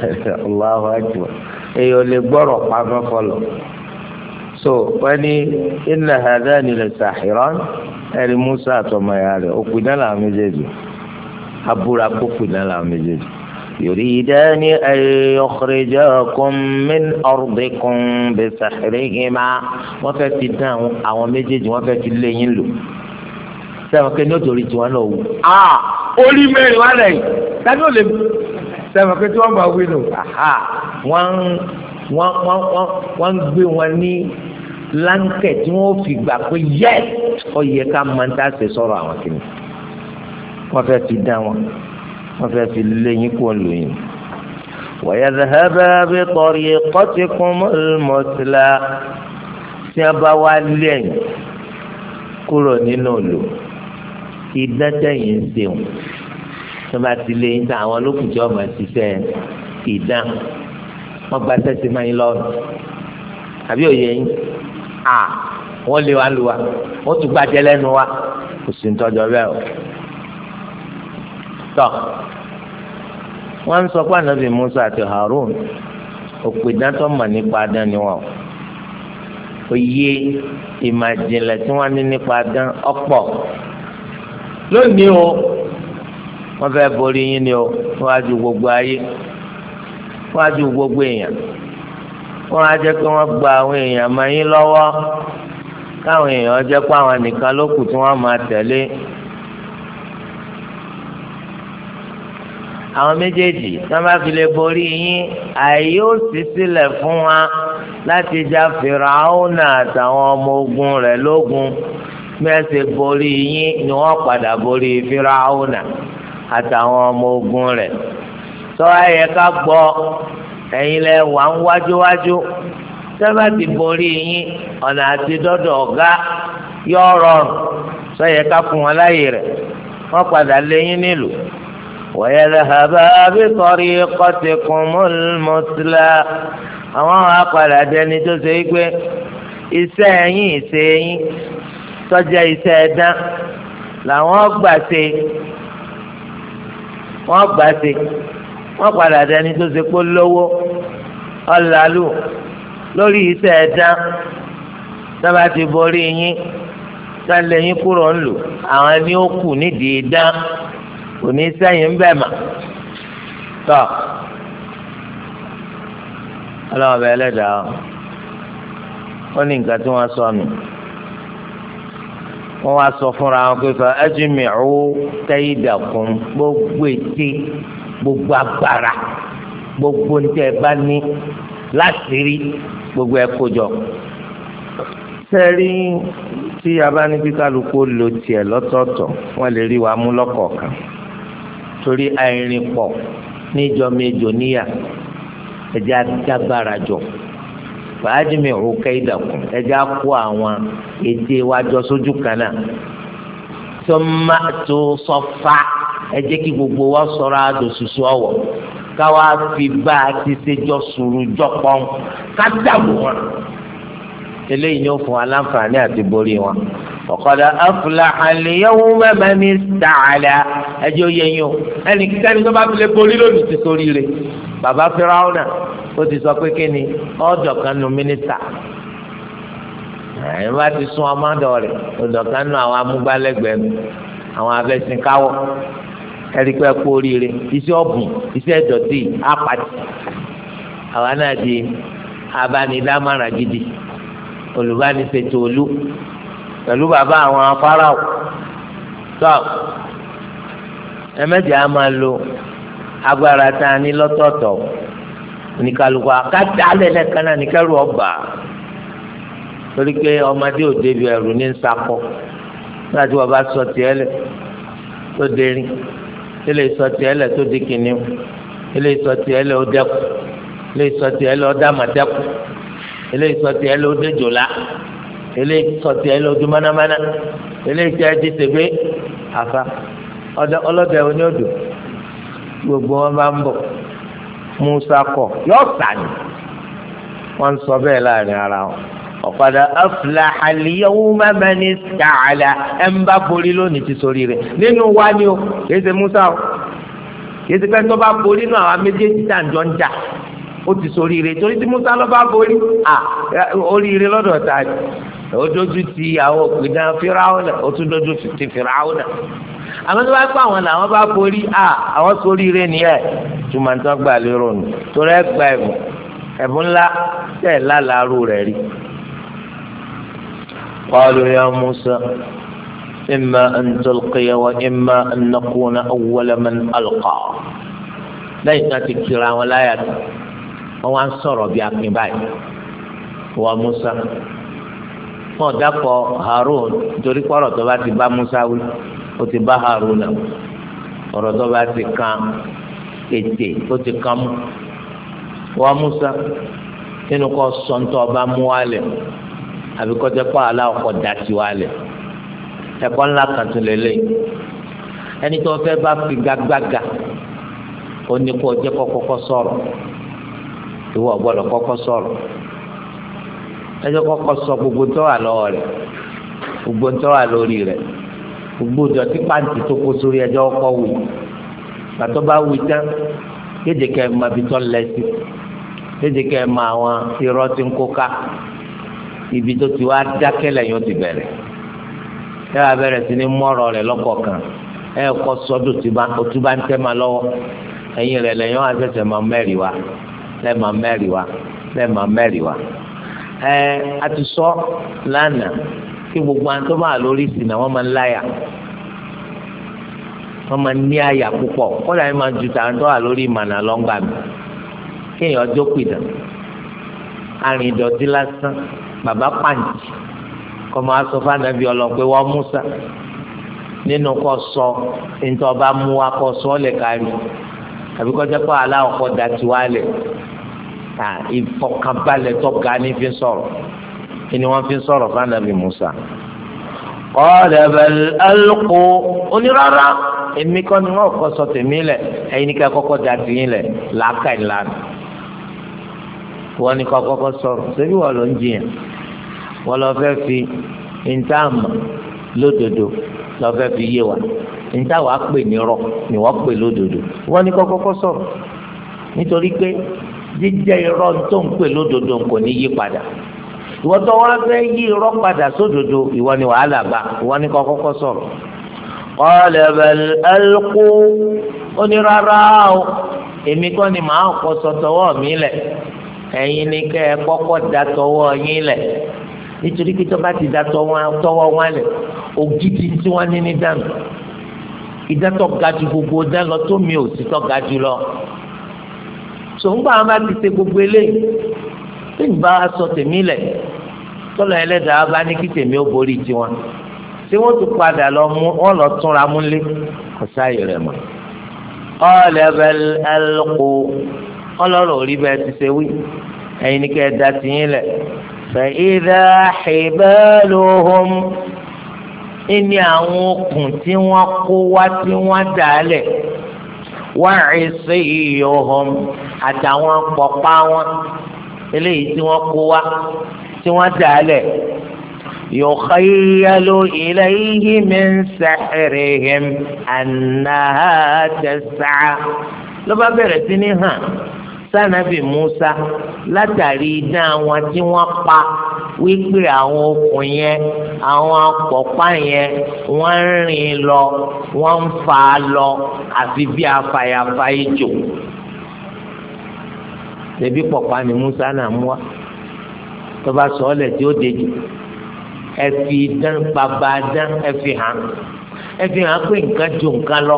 Allahu akbar èyí ò lè gbọ́rọ̀ pamọ́ fọlọ́ so wọ́n ní inna hadani la sahiran ẹ̀rí Musa àtọmọ ya rẹ̀ òpinna làwọn méjèèjì abúra kó pinna làwọn méjèèjì. يريدان أن يخرجاكم من أرضكم بسحرهما wọ́n fẹ́ ti dán àwọn méjèèjì wọ́n fẹ́ ti lé yín lò sẹ́wọ̀n kí ni ó torí tiwọn náà wù. orí mẹ́rin wà lẹ́yìn tani ó lè mú sẹ́wọ̀n kí tí wọ́n bá wí nù. wọ́n ń gbé wọn ní láńkẹ̀ tí wọ́n fi gbà pé yẹ ọ yẹ ká máa ń dá ṣe sọ̀rọ̀ àwọn kìnnì wọ́n fẹ́ fi dá wọn wọ́n fẹ́ fi léyìn kó lóyìn. wọ́yẹ̀dẹ̀hẹ́bẹ́ bí tọ́rí kọ́tíkùn mọ́tìlá tí wọ́n bá wá lẹ́yìn kúrò nínú òlò ìdẹ́tẹ̀yìn ń ṣeun tí wọ́n bá ti léyìn tí àwọn olókùnjọ́ máa ṣiṣẹ́ ìdá wọ́n gba sẹ́sìn lọ́rùn àbí òye yín à wọ́n lé wa lu wa wọ́n tún gbàjẹ́ lẹ́nu wa kò sí ntọ́jọ́ bẹ́ẹ̀ o. tọ́ wọ́n ń sọ pé ànábì Musa àti Harun òpèdántọ́ mọ̀ nípa adán ni wọn òye ìmàjìnlẹ̀ tí wọ́n ní nípa adán ọ̀pọ̀ lónìí o wọ́n fẹ́ borí yín ni o níwájú gbogbo ayé níwájú gbogbo èèyàn wọ́n á jẹ́ pé wọ́n gba àwọn èèyàn mọ́ yín lọ́wọ́ káwọn èèyàn jẹ́ pé àwọn nìkan ló kù tí wọ́n máa tẹ̀lé. àwọn méjèèjì tí wọ́n bá fi lè borí yín àyè ó sì sílẹ̀ fún wa láti já fìràhónà àtàwọn ọmọ ogun rẹ̀ lógun bí wọ́n borí yín ni wọ́n padà borí fìràhónà àtàwọn ọmọ ogun rẹ̀. sọ ayẹ ká gbọ́ ẹ̀yin lẹ wà ń wájúwájú sábà ti borí yín ọ̀nà àti dọ́dọ̀ ọ̀gá yọ rọrùn sọyẹ ká fún wọn láàyè rẹ̀ wọ́n padà lẹ́yìn nílùú wọ́yẹ lẹ́hàbá abíkọ́rí kọ́tìkùn mọ́tìlá àwọn apàdà dẹni tó ṣe é gbé iṣẹ́ ẹ̀yìn ìṣe ẹ̀yìn tọ́jà iṣẹ́ ẹ̀dán làwọn gbà ṣe wọ́n gbà ṣe wọ́n padà dẹni tó ṣe pé lówó ọ̀làlù lórí iṣẹ́ ẹ̀dá sábà ti borí yín sálẹ̀ yín kúrò ń lò àwọn ni ó kù nídìí dá kò ní sẹ́yìn ń bẹ̀ mà tọ́ ọlọ́run ọba ẹlẹ́dàá ó ní nǹkan tí wọ́n sọ nù wọ́n wá sọ fúnra wọn pé fa ajmi'u kaydakum gbogbo ète gbogbo agbára gbogbo níta ẹ bá ní láti rí gbogbo ẹ kójọ sẹ́rí tí a bá ní kíkálukú lo tiẹ̀ lọ́tọ̀ọ̀tọ̀ wọ́n lè rí wa mú lọ́kọ̀ọ̀kan torí àìrìn pọ̀ níjọ méjọ níyà ẹ̀jẹ̀ adágbára jọ fàájìmí òkè ìdàkùn ẹ̀jẹ̀ á kó àwọn ètè wájọ sójú kan náà tó má tó sọ́fà. So ẹ jẹ́ kí gbogbo wa sọ̀rọ̀ àdòṣùṣù ọ̀wọ̀ káwa fi bá a ti ṣe jọ sùúrù jọ pọ́n ká dàgbò wọn. eléyìí ni ó fún wa láǹfààní àti borí wọn. وقد أفلح اليوم من استعلى ẹjọ yẹn yọ ẹnikẹ́ni tó bá fi lè borí lónìí ti sórí rẹ̀ bàbá firawuna ó ti sọ pé kí ni ọ̀dọ̀ kan nu mínísítà ẹ bá ti sún ọmọdọ rẹ̀ ọ̀dọ̀ kan nu àwọn amúgbálẹ́gbẹ̀ẹ́ àwọn abẹ́sìnkáwọ́ ẹ̀rí pé kú oríire iṣẹ́ ọ̀bùn iṣẹ́ ìdọ̀tí apàtì àwa náà di abánidámàrà gidi olùbánisètò olú pẹ̀lú bàbá àwọn afáráwò tó ẹ̀mẹ́jẹ̀ á máa lo agbára tá a ní lọ́tọ̀ọ̀tọ̀ oníkàlùkù àkàdálẹ̀ lẹ́ẹ̀kan náà níkẹ́rù ọba torí pé ọmọdé ò débi ẹ̀rù ní nsakọ nígbà tí wọ́n bá sọ tiẹ̀ lẹ̀ tó dérin. ilé sọ tiẹ̀ tó di kìnìún ilé sọ tiẹ̀ ó dẹ́kù ilé sọ tiẹ̀ ó dàmà dẹ́kù ilé sọ tiẹ̀ ó déjòlá ilé sọ tiẹ̀ ó di mánámáná ilé tiẹ̀ di tègbé gbogbo wọn bá ń Musa kọ yọ sàn wọn sọ bẹ́ẹ̀ láàrin ara wọn. ọ̀kadà afla àlìyáwómà mẹni sàlà ẹ̀ ń bá borí lónìí ti sórí rẹ̀ nínú wa ni o kìí ṣe musa o kìí ṣe pé tó bá borí náà àwọn méjèèjì tá à ń jọ ń jà ó ti sórí rẹ̀ torí tí musa ló bá borí à oríire lọ́dọ̀ ta ni ó dojú ti àwọn òpinna firawuna ó tún dojú ti firawuna àwọn tó bá pa àwọn làwọn bá borí à àwọn sórí rẹ̀ nìyẹn túmọ̀ nítorí gbà lérò nù torí ẹ gba ẹ̀bùn ẹ̀bùn ńlá tẹ̀ lálàárù rẹ̀ rí. قالوا يا موسى إما أن تلقي وإما أن نكون أول من ألقى ليس تكرا ولا يد هو أن صار بيأكل باي وموسى wọn dàpọ̀ harun torí pé ọ̀rọ̀ tó bá ti bá musa wí ó ti bá harun náà ọ̀rọ̀ tó bá ti kan ètè ó ti kan mú wa musa nínú kọ́ sọ̀ńtọ̀ ọba mú wa lẹ̀ mú àbí kọjá pa aláwọ̀kọ̀ dá tiwa lẹ̀ ẹ̀kọ́ ńlá kan tún lè lè ẹni tó fẹ́ bá fi gbàgbàgà ó ní kó jẹ́ kọ́kọ́kọ́ sọ̀rọ̀ ìwọ gbọ́dọ̀ kọ́kọ́ sọ̀rọ̀ ẹjọ́ kọ́kọ́ sọ gbogbo tó wà lọ́wọ́ rẹ̀ gbogbo tó wà lórí rẹ̀ gbogbo ìdọ̀tí pàǹtí tó kó sórí ẹjọ́ kọ́ wù gbàtọ́ bá wù tán kéde kẹ́ ẹ máa fi tọ́ lẹ́sí kéde kẹ́ ẹ máa wọn irọ́ ti ń kó ká. ibi tó ti wá dákẹ́ lẹ́yìn ó ti bẹ̀rẹ̀ ẹ wá bẹ̀rẹ̀ sí ní mọ́rọ̀ rẹ̀ lọ́kọ̀ọ̀kan ẹ kọ́ sọ́dún ó tún bá ń tẹ́ máa lọ́wọ́ ẹ̀yìn rẹ̀ lẹ́yìn wa lẹ́ẹ̀ma wa wa ẹ a ti sọ lánàá kí gbogbo àwọn tó máa lórí sí náà wọ́n máa ń láyà wọ́n máa ń ní àyà púpọ̀ máa ju tàwọn tó wà lórí kéèyàn ọjọ́ bàbá pàǹtì kọ́ máa sọ fànàbí ọlọ́pẹ́ wọ́n Musa nínú kọ́ sọ nítorí ọba mú wa kọ́ sọ ọ́lẹ̀ kárí àbí kọjá pé aláwọ̀ kọ́ da tiwa lẹ̀ ta ìfọkànbalẹ̀ tó ga ní fi sọ̀rọ̀ kí ni wọ́n fi sọ̀rọ̀ fànàbí Musa. kọ́ọ̀dà bẹ̀rẹ̀ ẹlẹ́kọ́ onírárá èmi kọ́ ni wọ́n kọ́ sọ tèmi lẹ̀ ẹ̀yin ní ká kọ́kọ́ da tìyín lẹ̀ làákà ìlànà wọ́n ní kọ́kọ́kọ́ sọ̀rọ̀ ṣebí wọ́n lọ ń jiyàn wọ́n lọ fẹ́ fi ntaama lódodo lọ fẹ́ fi yé wa ntaawa pè nírọ́ ni wọ́n pè lódodo wọ́n ní kọ́kọ́kọ́ sọ̀rọ̀ nítorí pé jíjẹ́ irọ́ tó ń pè lódodo kò ní yí padà ìwọ tó wá fẹ́ yí irọ́ padà sódodo ìwọ ni wàhálà bá ìwọ ni kọ́kọ́kọ́ sọ̀rọ̀ ọ̀lẹ́bẹ̀ ẹ̀lkú ó ní o èmi kọ́ ni màá kọ́ sọ̀tọ̀wọ́ mi lẹ̀ ẹ̀yin ni kẹ́ ẹ kọ́kọ́ da tọwọ́ yín lẹ̀ nítorí pé tọ́ba ti da tọwọ́ wọn lẹ̀ ògidì tí wọ́n ní ní dànù ìdátọ̀ ga gbogbo dán lọ tó mi ò sí tọ́ ga lọ sòǹgbà wọn bá ti ṣe gbogbo eléyìí tí ìgbà wa sọ tèmi lẹ̀ tọ́lọ̀ ẹlẹ́dàá bá ní kí tèmi ó borí tiwọn tí wọ́n tún padà lọ mú wọ́n lọ túnra múlé kò sáàyè rẹ̀ mọ́. ọ̀lẹ́bẹ̀ ọlọ́rọ̀ orí bẹ́ẹ̀ ti ṣe wí ẹ̀yin ni kẹ́ ẹ da ti yín lẹ̀ fẹ̀yìdá ìbẹ́lóhùn ní àwọn okùn tí wọ́n kó wá tí wọ́n dà á lẹ̀ wọ́n rí sí àtàwọn pọ̀pá wọn eléyìí tí wọ́n kó wá tí wọ́n dà á lẹ̀ yòókàyẹ́lò ìlẹ́yìí mi ànáhà tẹ̀sà ló bá bẹ̀rẹ̀ sí ní hàn. sanabi musa látàrí idán àwọn tí wọ́n pa wípé àwọn okùn yẹn àwọn akọ̀pá yẹn wọ́n rìn lọ wọ́n ń fà á lọ àfi bí ni musa náà mú wa tó bá tí ó dejò ẹ dán bàbá dán ẹ hàn ẹ hàn pé nǹkan ju lọ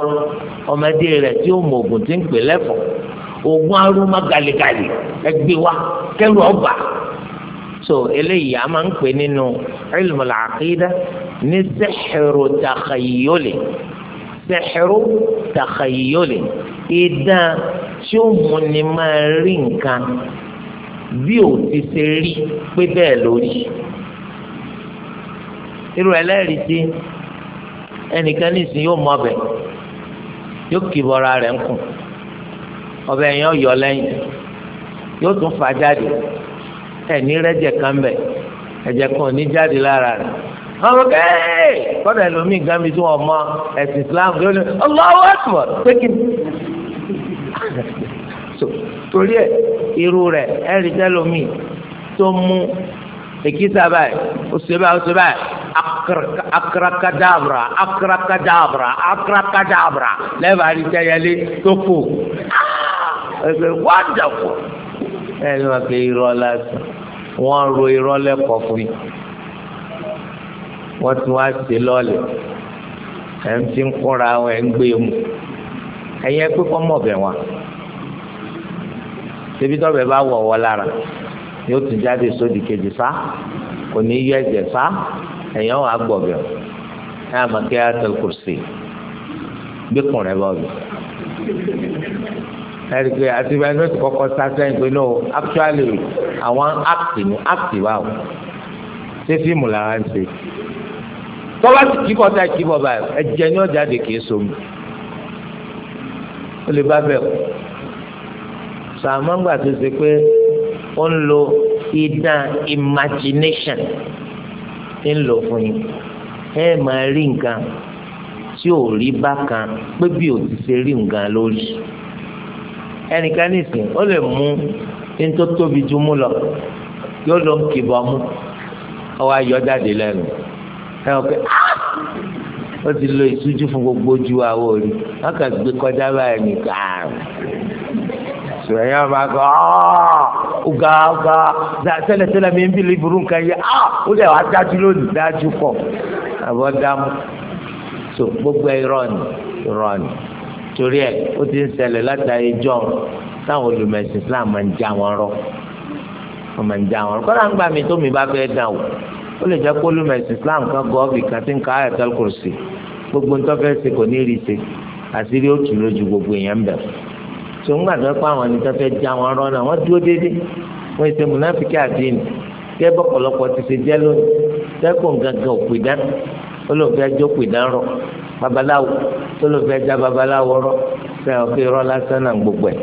ọmọdé tí ó mọ ògùn ń oògùn arúmọ gàlígàlí ẹgbẹ́ wa kẹrù ọba so eléyìí a máa ń pè nínú ilmul aqida ní sẹ́xẹ̀rù takhayyuli sẹ́xẹ̀rù takhayyuli idán tí ó mú ni máa rí nǹkan bí ò ti ṣe rí pé bẹ́ẹ̀ lórí irú ẹlẹ́rìí tí ẹnìkan nìsín yóò mọ ọbẹ̀ yóò kì bọ́ra rẹ̀ ń kùn ọbẹ̀ yẹn yọ lẹ́yìn yóò tún fà jáde ẹ̀ní rẹ́jẹ̀ kan bẹ̀ ẹ̀jẹ̀ kan ò ní jáde lára rẹ̀ ọmọ kẹ́ẹ̀ kọ́dà ẹlòmíì gan mi tí wọ́n mọ ẹ̀sìn Islam lónìí Allahu Akbar pékin torí ẹ̀ irú rẹ̀ ẹ̀rí tẹ́lómi tó mú èkìtà báyìí ó ṣe báyìí ó ṣe báyìí akrakadabra akrakadabra akrakadabra lẹ́bàá ní sẹ́yẹlé tó kù ẹgbẹ́ wọ́ndàfọ̀ ẹni wọn pe irọ́ lásán wọ́n ro irọ́ lẹ́kọ̀ọ́ fún mi wọ́n ti wá ṣe lọ́ọ̀lẹ̀ ẹ̀ ń ti ń kóra wọn ń gbé mu ẹ̀yin ẹ pé kọ́ mọ̀ bẹ̀ wọn ṣebí tọ́bẹ̀ bá wọ̀ wọ́ lára yóò tún jáde sódì kejì sá kò ní yọ ẹ̀jẹ̀ sá ẹ̀yàn wà gbọ̀bẹ̀ ẹ̀ àmọ́ kí á tẹ kùrùsì gbẹ́kùn rẹ̀ bọ̀bẹ̀ ẹ̀rí pé àti ìgbà ẹ̀rọ ti kọ́kọ́ sá sẹ́yìn pé no actually àwọn act ni act wà o ṣé fíìmù làwọn ṣe tọ́lá ti kí kọ́ta kí bọ̀ báyìí ẹ̀jẹ̀ ni ó jáde kì í so mi ó lè bá bẹ́ẹ̀ kọ́ sọ àmọ́ ńgbà tó ṣe pé ó ń lo idán imagination ń lò fún yín ẹ máa rí nǹkan tí ò rí bákan pé bí ò ti ṣe rí nǹkan lórí ẹnìkan nìsín ó lè mú ní tó tóbi jù mú lọ yóò lọ kìbọn mú ọwọ́ ayọ̀ jáde lẹ́nu ẹ ọ pé ah! ó ti lo ìtújú fún gbogbo ojú àwọn òrì wọn kàn gbé kọjá báyìí nìkan so ẹ̀yà máa gbọ́ ah, ọ̀gá ọ̀gá tẹ́lẹ̀tẹ́lẹ̀ mi ń bí liburu nǹkan yẹ ah, ó lè wá dájú lónìí dájú pọ̀ àbọ̀ dámú so gbogbo irọ́ ni irọ́ ni torí ẹ̀ ó ti ń ṣẹlẹ̀ látàrí jọ́ táwọn olùmẹ̀sìn Islam máa ń já wọn rọ́ wọ́n máa ń já wọn rọ́ kọ́lá ń gbà mí tó mi bá fẹ́ dàn o ó lè jẹ́ pé olùmẹ̀sìn Islam kan gọ́ọ̀bì kan ti ń ka Ayatul Kursi gbogbo ń tọ́ fẹ́ ṣe kò ní rí ṣe àṣírí ó tù lójú gbogbo èèyàn bẹ̀rẹ̀ sòǹgbà tó pa àwọn ènìyàn fẹ́ já wọn rọ́nà wọ́n dúró déédéé wọ́n ṣe múnáfíkì àdéhùn kẹ́ bọ́pọ̀lọpọ̀ ti ṣe jẹ́ lónìí sẹ́kùn gangan òpè dáná olóòfẹ́ ẹjọ́ pè dáná rọ babaláwo olóòfẹ́ ẹjá babaláwo rọ fẹ́ ọ pé lásán náà gbogbo ẹ̀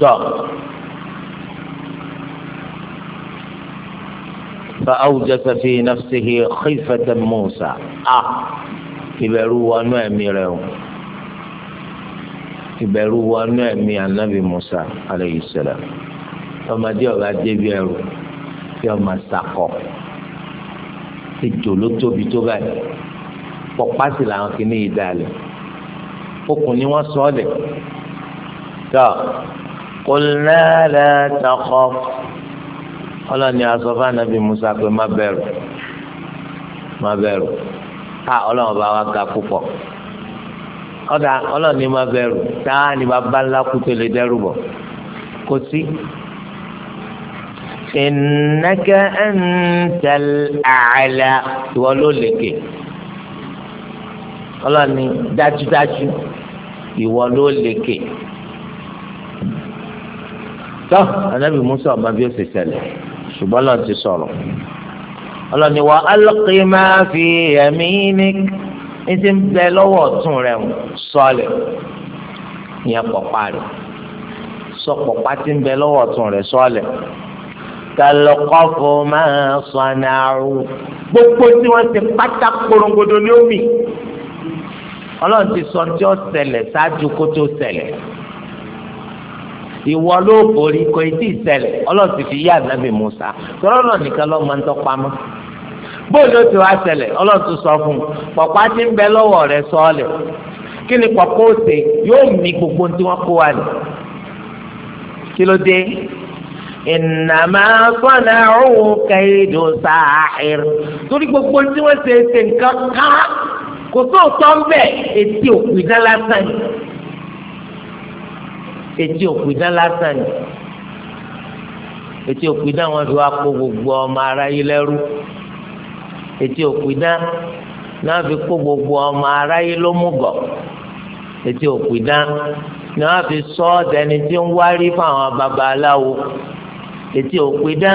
tọ́ fa awjasa fi nafsihi khifatan Musa a ah, ìbẹ̀rù wọnú ìbẹ̀rù wọnú ẹ̀mí anabi musa alayhi salam tọmọdé ọba débi ẹrù tí ọmọ sakọ ejò ló tóbi tó báyìí pọpásì làwọn kìíní yìí dalẹ̀ okùn ni wọ́n sọ ọ́ lẹ̀ tọ́ qulna la takhaf ọlọ́ni asọ́fà anabi musa pé má bẹ̀rù má bẹ̀rù a ọlọ́run bá wa ga púpọ̀ ọ̀dà ọlọ́run ní máa bẹ̀rù táà ní bàbá ńlá kú tó lè dẹ́rù bọ̀ kò sí. ìnáka ẹ̀ǹtẹ̀l àlà ìwọ ló lékè ọlọ́run ní dájúdájú ìwọ ló lékè. tọ́ anábì musa ọba bí ó ṣe ṣẹlẹ̀ ṣùgbọ́n lọ́n ti sọ̀rọ̀ ọlọ́run ní wà á lọ́kì máa fi ẹ̀mí nìkan ní ti ń bẹ lọ́wọ́ ọ̀tún rẹ̀ ń sọlẹ̀ ìyẹn pọ̀pá rẹ̀ sọ pọ̀pá ti ń bẹ lọ́wọ́ ọ̀tún rẹ̀ sọlẹ̀ kàlọ́kọ́fù máa sọnàrú gbogbo tí wọ́n ti pátá korongodo ní omi ọlọ́run ti sọ tí ó ṣẹlẹ̀ ṣáájú kó tó ṣẹlẹ̀ ìwọ ló borí kò tí ì ṣẹlẹ̀ ọlọ́run ti fi yá ànábì Musa tọ́lọ́rọ̀ nìkan lọ́ọ́ máa ń tọ́ bóòlù tí wàá ṣẹlẹ̀ ọlọ́run tún sọ fún un pọ̀pá tí ń bẹ lọ́wọ́ rẹ̀ sọ ọ́ lẹ̀ kí ni pọ̀pá òsè yóò mi gbogbo tí wọ́n kó wa lẹ̀ kí ló dé ìnàmà sọ̀nà òun kẹ́hìndó sáàhìr torí gbogbo tí wọ́n ṣe ṣe nǹkan ká kò sóòótọ́ ń bẹ̀ etí òkú iná lásán ni etí òkú iná lásán ni etí òkú iná wọn fi wá kó gbogbo ọmọ aráyé lẹ́rú etí òkú iná náà fi kó gbogbo ọmọ aráyé ló mú gọ̀ etí òkú iná náà fi sọ ọdẹni tí ń wárí fáwọn babaláwo etí òkú iná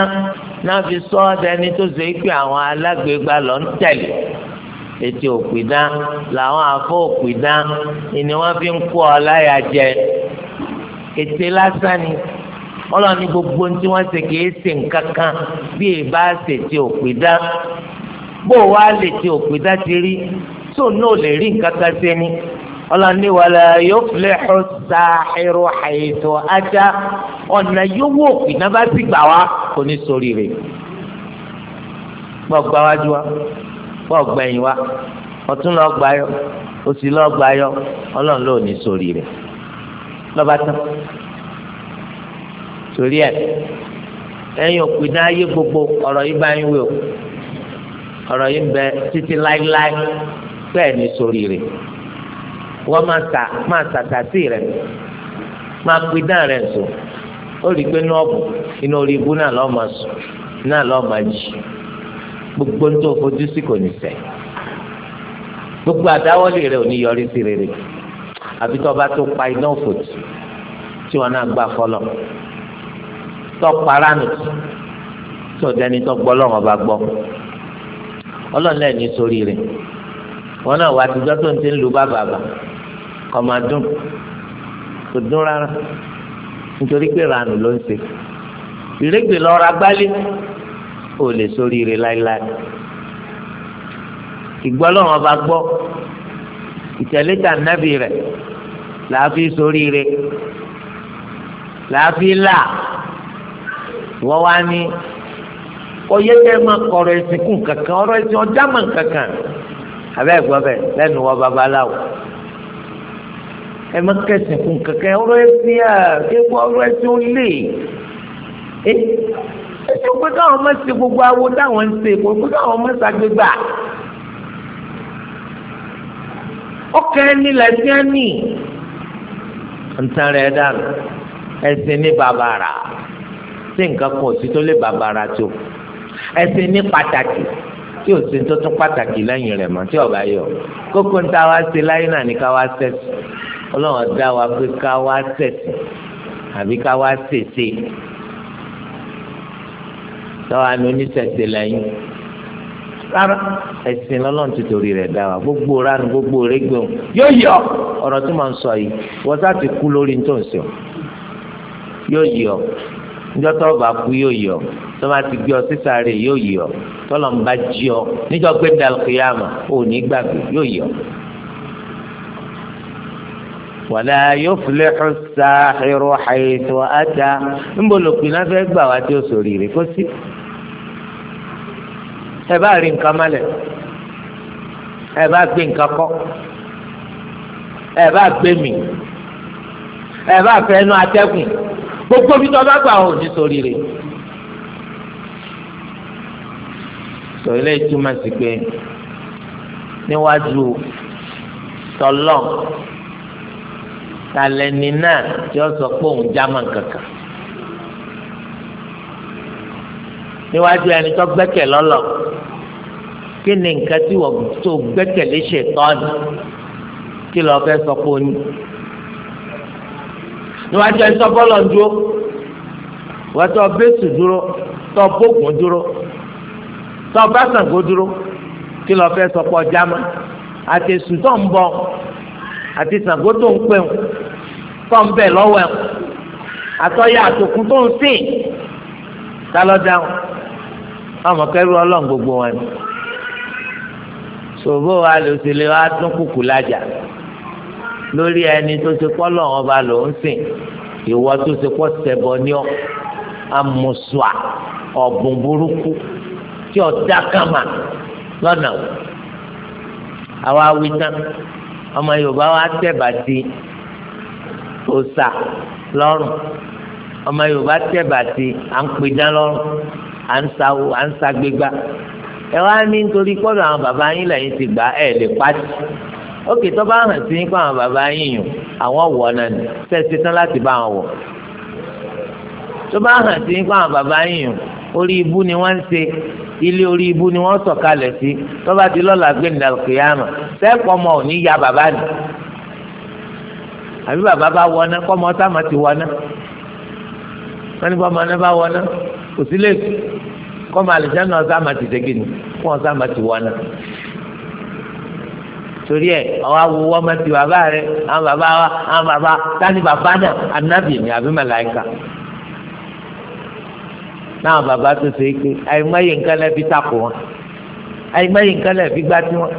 náà fi sọ ọdẹni tó ṣe pé àwọn alágbèégbá lọ ń tẹ̀lé etí òkú iná làwọn afọ òkú iná ni wọ́n fi ń kó ọ láyà jẹ ètè lásán ni ọlọ́ni gbogbo tí wọ́n ṣe kì í ṣe nǹkan kan bí èèbá ṣètì òpè bó o wá lè ti òpin dájú rí tó náà lè rí nǹkan kan sí ni ọlọ́ni wàlẹ̀ yóò filẹ̀ ṣá irú àìsàn ajá ọ̀nà yóò wò òpin náà bá sì gbà wá kò ní sórí rẹ̀ gbọ́ gba wájú wa gbọ́ gbẹ̀yìn wa ọ̀tún lọ gbà yọ òsì lọ gbà yọ ọlọ́run ló ní sórí rẹ̀ lọ́ba tán torí ẹ̀ ẹ̀yin òpin náà ayé gbogbo ọ̀rọ̀ yìí bá yín wí o ọ̀rọ̀ yìí ń bẹ títí láíláí bẹ́ẹ̀ ni sórí rẹ̀ wọ́n máa ta máa tàtàtì rẹ̀ máa pin náà rẹ̀ sùn ó rí i pé inú ọ̀bùn inú orí ibú náà lọ́ọ́ máa sùn náà lọ́ọ́ máa jì gbogbo ń tó fojú sí kò ní ṣẹ gbogbo àdáwọ́lé rẹ̀ ò ní yọrí sí rere àbí tó bá tó pa iná òfòtù tí wọn náà gbà fọlọ tó para nù tó dẹni tó gbọ́ lọ́wọ́ bá gbọ́ ọlọ́run lẹ́ẹ̀ ní sórí rẹ̀ wọn náà wà àtijọ́ tó ń ti ń lu bàbà bà kọ́ máa dùn kò dùn rárá nítorí pé ranù ló ń ṣe ìrégbè lọ́ra gbálé ò lè sórí rẹ̀ láéláé ìgbọ́ lọ́wọ́ bá gbọ́ ìtẹ̀lé nábì rẹ̀ làáfi sórí rẹ̀ làáfi là wọ́n wá ní ọyẹ kẹ máa kọrọ ẹsìn kún kankan ọ̀rọ̀ ẹsìn ọjà máa kankan abẹ ẹgbọ bẹ lẹ́nu wọn babaláwo ẹ máa kẹsìn kún kankan ọ̀rọ̀ ẹsìn à kéwọ ọ̀rọ̀ ẹsìn ó lè ẹ ẹsìn pé káwọn máa ṣe gbogbo awo táwọn ń ṣe pé káwọn máa ṣàgbégbà ọkẹ ẹni lẹsìn ẹni ntàn rẹ dànù ẹsìn ní bàbàrà tí nǹkan kan ò sí tó lé bàbàrà tó ẹ̀sìn ní pàtàkì tí o ṣe tó tún pàtàkì lẹ́yìn rẹ̀ mọ́ tí ọba yọ kókó ń ta wá ṣe láyé náà ní ká wá ṣẹ̀sì ọlọ́run dá wa pé ká wá ṣẹ̀sì àbí ká wá ṣèṣe tọ́wá ní oníṣẹ̀ṣe lẹ́yìn rárá ẹ̀sìn lọ́lọ́run ti torí rẹ̀ dá wa gbogbo ránu gbogbo rẹ́gbẹ̀ẹ́ yóò yọ ọ̀rọ̀ tí mo ń sọ yìí wọ́n sá ti kú lórí ní yóò yọ níjọ́ tó bá kú yóò yọ tó bá ti gbé ọ sísàárè yóò yọ tọ́lọ̀ ń bá jí ọ níjọ́ gbé dàlùkìyàmù ò gbàgbé yóò yọ. wàlá yóò filẹ̀ ṣùṣà irú àyètò àjà ńbọ lòpin náà fẹ́ gbà wá tí ó sòrí rè kó sí. ẹ bá rí nǹkan mọ́lẹ̀ ẹ bá gbé nǹkan kọ́ ẹ bá gbé mi ẹ bá fẹ́ nu atẹ́gùn gbogbo bí tọ́ bá gbà ò ní sórí rẹ̀. sọ ilé ìtumọ̀ sí pé níwájú tọ́lọ̀ talẹ́ni náà tí ó sọ pé òun jámà kankan. níwájú ẹni tó gbẹ́kẹ̀ lọ́lọ́ kí ni nǹkan tí wọ́n tó gbẹ́kẹ̀ léṣe tọ́ni kí lọ́ọ́ fẹ́ sọ pé ó níwájú ẹni tó bọ́lọ̀ ń dúró wọ́n tó bẹ́sù dúró tó bókun dúró tó bàṣàngó dúró kí lọ́ọ́ fẹ́ sọ pọ̀ jámá àti èsù tó ń bọ̀ àti Ṣàngó tó ń pẹ̀wò tó ń bẹ̀ lọ́wọ́ ẹ̀ àtọ́yà àtòkùn tó ń sìn ta ló dáhùn ọmọ kẹrù ọlọ́run gbogbo wọn ni ṣòbó wa lè ṣe lè wá tún kùkù lájà lórí ẹni tó ṣe pọ́ lọ́wọ́ ọba ló ń sìn ìwọ tó ṣe pọ́ sẹ́bọ ní ọ amùsùà ọ̀bùn burúkú tí ọ̀dà kàmà lọ́nà àwa wí ọmọ yorùbá wa tẹ̀bà sí òòṣà lọ́rùn ọmọ yorùbá tẹ̀bà sí à ń pidán lọ́rùn à ń sawo à ń sagbégbá ẹ wá ní nítorí kọ́dọ̀ àwọn bàbá yín lẹ́yìn ti gbà ẹ̀ lè pàṣẹ ókè tó bá hàn sí nípa àwọn bàbá yín yùn àwọn wọ̀ náà ni sẹ́ẹ̀sì tán láti bá wọn wọ̀ tó bá hàn sí nípa àwọn bàbá yín yùn orí ibú ni wọ́n ń ṣe ilé orí ibú ni wọ́n sọ̀kalẹ̀ sí tó bá ti lọ́la gbé ní alùkìyàmà sẹ́ẹ̀kọ́ ọmọ ò ní ya bàbá ni àbí bàbá bá wọná kọ́mọ sáàmà ti wọná wọ́n ní bọ́mọ náà bá wọná kò sí lè kọ́mọ àlùjáná sáàmà ti dégé ni kọ́mọ sáàmà ti wọná torí ẹ àwọn awo wọn máa ti bàbá rẹ àwọn bàbá wa àwọn bàbá tani bàbá náà anabi ni àbí malaika. náà bàbá tó ṣe é pé àìmọye nǹkan lẹ́bi takò wọn àìmọye nǹkan lẹ́bi gbá tí wọn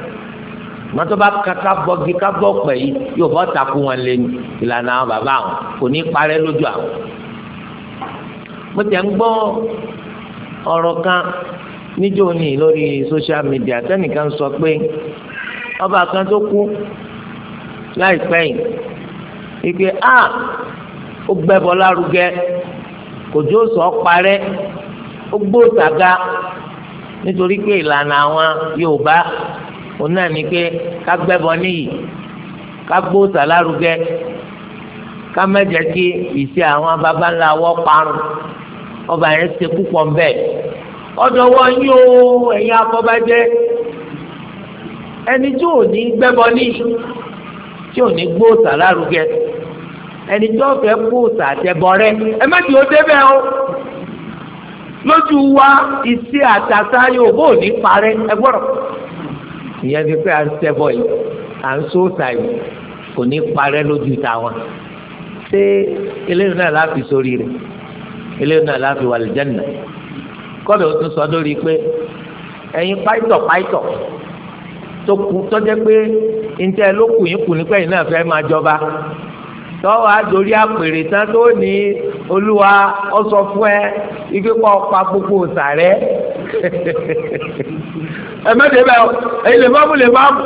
mọtò bá kàkà bọgi ká bọ pẹ yìí yóò bọ takò wọn lé ní ìlànà àwọn bàbá àwọn kò ní parẹ́ lójú àwọn. mo tẹ̀ ń gbọ́ ọ̀rọ̀ kan níjó ni lórí social media tẹ́nìkan sọ pé ọba kan tó kú láìpẹ́ yìí ike a ó gbẹ́bọ lárugẹ kò jó sọ parẹ́ ó gbó sàga nítorí pé ìlànà àwọn Yorùbá òun náà ni pé ká gbẹ́bọ níyì ká gbó sàlárugẹ ká mẹ́jẹ̀ kí ìṣe àwọn baba ńlá wọ́ parun ọba yẹn ṣe púpọ̀ ń bẹ̀ ọ̀dọ̀ wọ́n yóò ẹ̀yin afọbajẹ́ ẹni tí ò ní gbẹ́bọ ní tí ò ní gbóòsà lárugẹ ẹni tí ó fẹ́ gbóòsà àtẹ̀bọ rẹ ẹ má ti ó débẹ̀ o lójú wa iṣẹ́ àtàtà yóò bó ní parẹ́ ẹ gbọ́dọ̀ ìyẹn ti pé à ń ṣẹbọ yìí à ń sóòsà yìí kò ní parẹ́ lójú tàwọn ṣé eléyìí náà láfi sórí rẹ̀ eléyìí náà láfi wà lìjẹ́nà kọ́dọ̀ ó tún sọ lórí pé ẹ̀yin pàìtọ̀ pàìtọ̀ tó kù tọ́jẹ́ pé ntẹ́ ló kù yín kù nípa yìí náà fẹ́ máa jọba tọ́wọ́ àdórí àpèrè tán tó ní olúwa ọsọ fún ẹ ibi kọ́ pa gbogbo òsà rẹ ẹ bẹ́ẹ̀ ẹ lè má mú lè má mú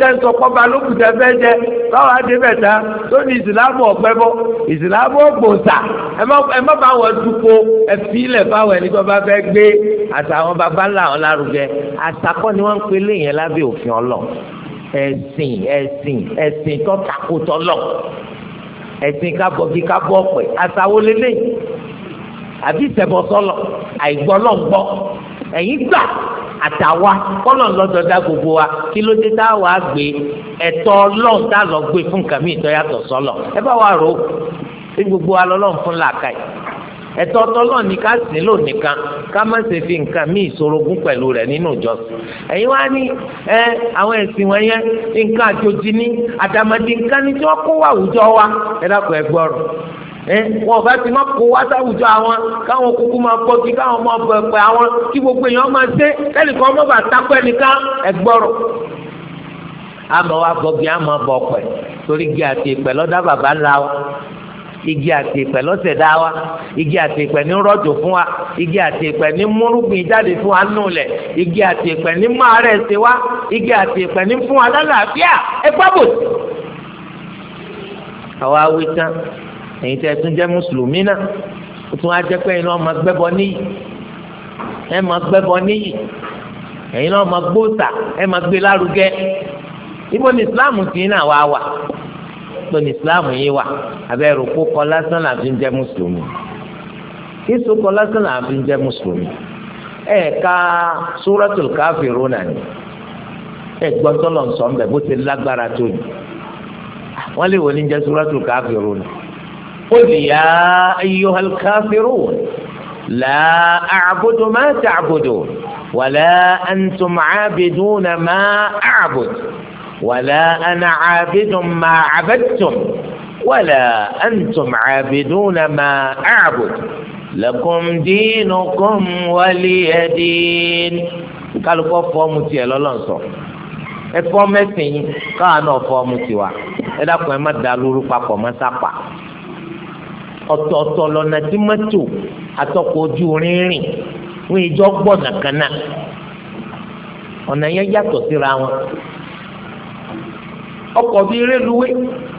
tẹ́ǹsọ̀ kọ́ba lókùtẹ́ fẹ́ jẹ báwa dé bẹ̀tà tó ní ìsìlámù ọ̀pẹ bọ́ ìsìlámù ògbòǹsà ẹ má bá wọn dúpọ̀ ẹ̀fílẹ̀ báwọn ẹni tó bá fẹ́ gbé àtàwọn baba ńlá wọn lárugẹ àtàkọ́ ni wọ́n ń pe léyìn lábẹ́ òfin ọlọ́ ẹ̀sìn ẹ̀sìn ẹ̀sìn tó takotọ́ lọ ẹ̀sìn kábọ̀ bí kábọ̀ ọ̀pẹ̀ àtàwọn lélẹ́yìn àbí ìtẹ̀bọ̀sọ́lọ̀ àìgbọ́lọ́ngbọ́ ẹ̀yin gbà àtàwa kọ́nà lọ́dọ̀ gbogbo wa kí ló dé tá gbé ẹ̀tọ́ lọ́n tá a lọ gbé fún kàmí ìtọ́yàtọ̀ sọ́lọ̀ ẹ bá wa rò ó gbogbo wa fún làákàyè ẹ̀tọ́ tọlọ́run ní ká lò nìkan fi nǹkan pẹ̀lú rẹ̀ nínú ìjọsìn ẹ̀yin wá ẹ àwọn ẹ̀sìn wọn yẹn nǹkan àjòjì ní àdàmọ̀dì nǹkan ní wọn ò bá ti má kó wá sáwùjọ àwọn káwọn kúkú máa bọ́ kí káwọn máa bọ̀ ẹ̀pẹ̀ àwọn kí gbogbo èèyàn máa ṣe kẹ́nìkan ọmọ bá takọ́ ẹnìkan ẹ̀gbọ́rọ̀ àmọ́ wa bọ́ bí àmọ́ bọ̀ pẹ̀ torí gé àti ìpẹ́ lọ́dá bàbá ńlá wa igi àti ìpẹ lọsẹ dá wa igi àti ìpẹ ní rọ̀jò fún wa igi àti ìpẹ ní múrùgbìn jáde fún wa nù lẹ igi àti ìpẹ ní máa rẹ ṣe wa igi àti ìpẹ ní fún wa lálàáfíà ẹ gbábò. àwa wí tán èyí tẹ́ tún jẹ́ mùsùlùmí náà ó tún á jẹ́ pé ẹ̀yin náà máa gbẹ́bọ níyì ẹ máa gbẹ́bọ níyì ẹ̀yin náà máa gbóòtà ẹ máa gbé lárugẹ ibo ni Islam ti náà wá wà ibo ni Islam yìí wà abẹ́rù kó kọ́ lásán làbí ń jẹ́ mùsùlùmí kíso kọ́ lásán làbí ń jẹ́ mùsùlùmí ẹ ka Suratul Kafirun náà ni ẹ gbọ́n tọ́lọ̀ ń sọ ń bẹ̀ bó ti lágbára tó ni wọ́n lè wọ́n ní jẹ́ Suratul Kafirun náà. قل يا أيها الكافرون لا أعبد ما تعبدون ولا أنتم عابدون ما أعبد ولا أنا عابد ما عبدتم ولا أنتم عابدون ما أعبد لكم دينكم ولي دين قالوا fọọmù tiẹ̀ lọlọsọ ẹ fọọmù ẹsìn yín káwọn náà fọọmù tiwa ẹ dákun ọ̀tọ̀ọ̀tọ̀ lọ́nà tí mọ́tò àtọkọ̀ ojú rínrìn fún ìjọ gbọ̀nà kan náà ọ̀nà yẹn yàtọ̀ síra wọn ọkọ̀ bíi rélùwé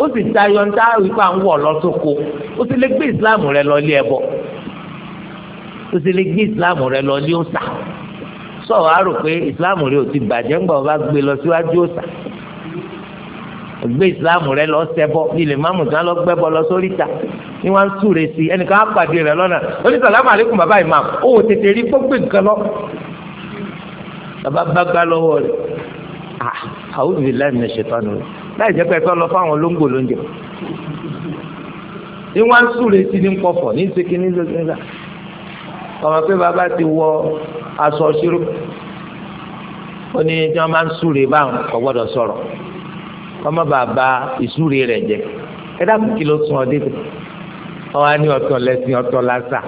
ó sì tayọ ní táwọn ìfà ń wọ̀ lọ́sọ̀kọ ó sì lè gbé ìsìláàmù rẹ lọ ilé ẹbọ ó sì lè gbé ìsìláàmù rẹ lọ ilé òòṣà sọ̀rọ̀ á rò pé ìsìláàmù rẹ ò ti bàjẹ́ ńgbà wọn bá gbé lọ síwájú òòṣà gbé islam rẹ lọ sẹbọ ilé mamu tí wọn lọ gbẹbọ lọ sórí ta ni wọn súre sí ẹnìkan á pàdé rẹ lọ́nà onísàlámù àlékún bàbá imam ó wò tètè rí gbogbo nǹkan lọ bàbá bá gbá lọ́wọ́ rẹ ah àwọn òbí láì ní ṣètò àná rẹ láì jẹ́ pé ẹ fẹ́ lọ fáwọn olóńgbò lóúnjẹ ni wọn súre sí ní nkọfọ ní sèké ní sèké ọmọ pé bàbá ti wọ aṣọ ṣírò ó ní tí wọn máa ń súre báwọn kò ọmọ bàbá ìsúre rẹ̀ jẹ́ ẹ dákun kí ló sún ọ débẹ̀ ọwọ́ á ní ọ̀tọ̀ lẹ́sìn ọ̀tọ̀ lásà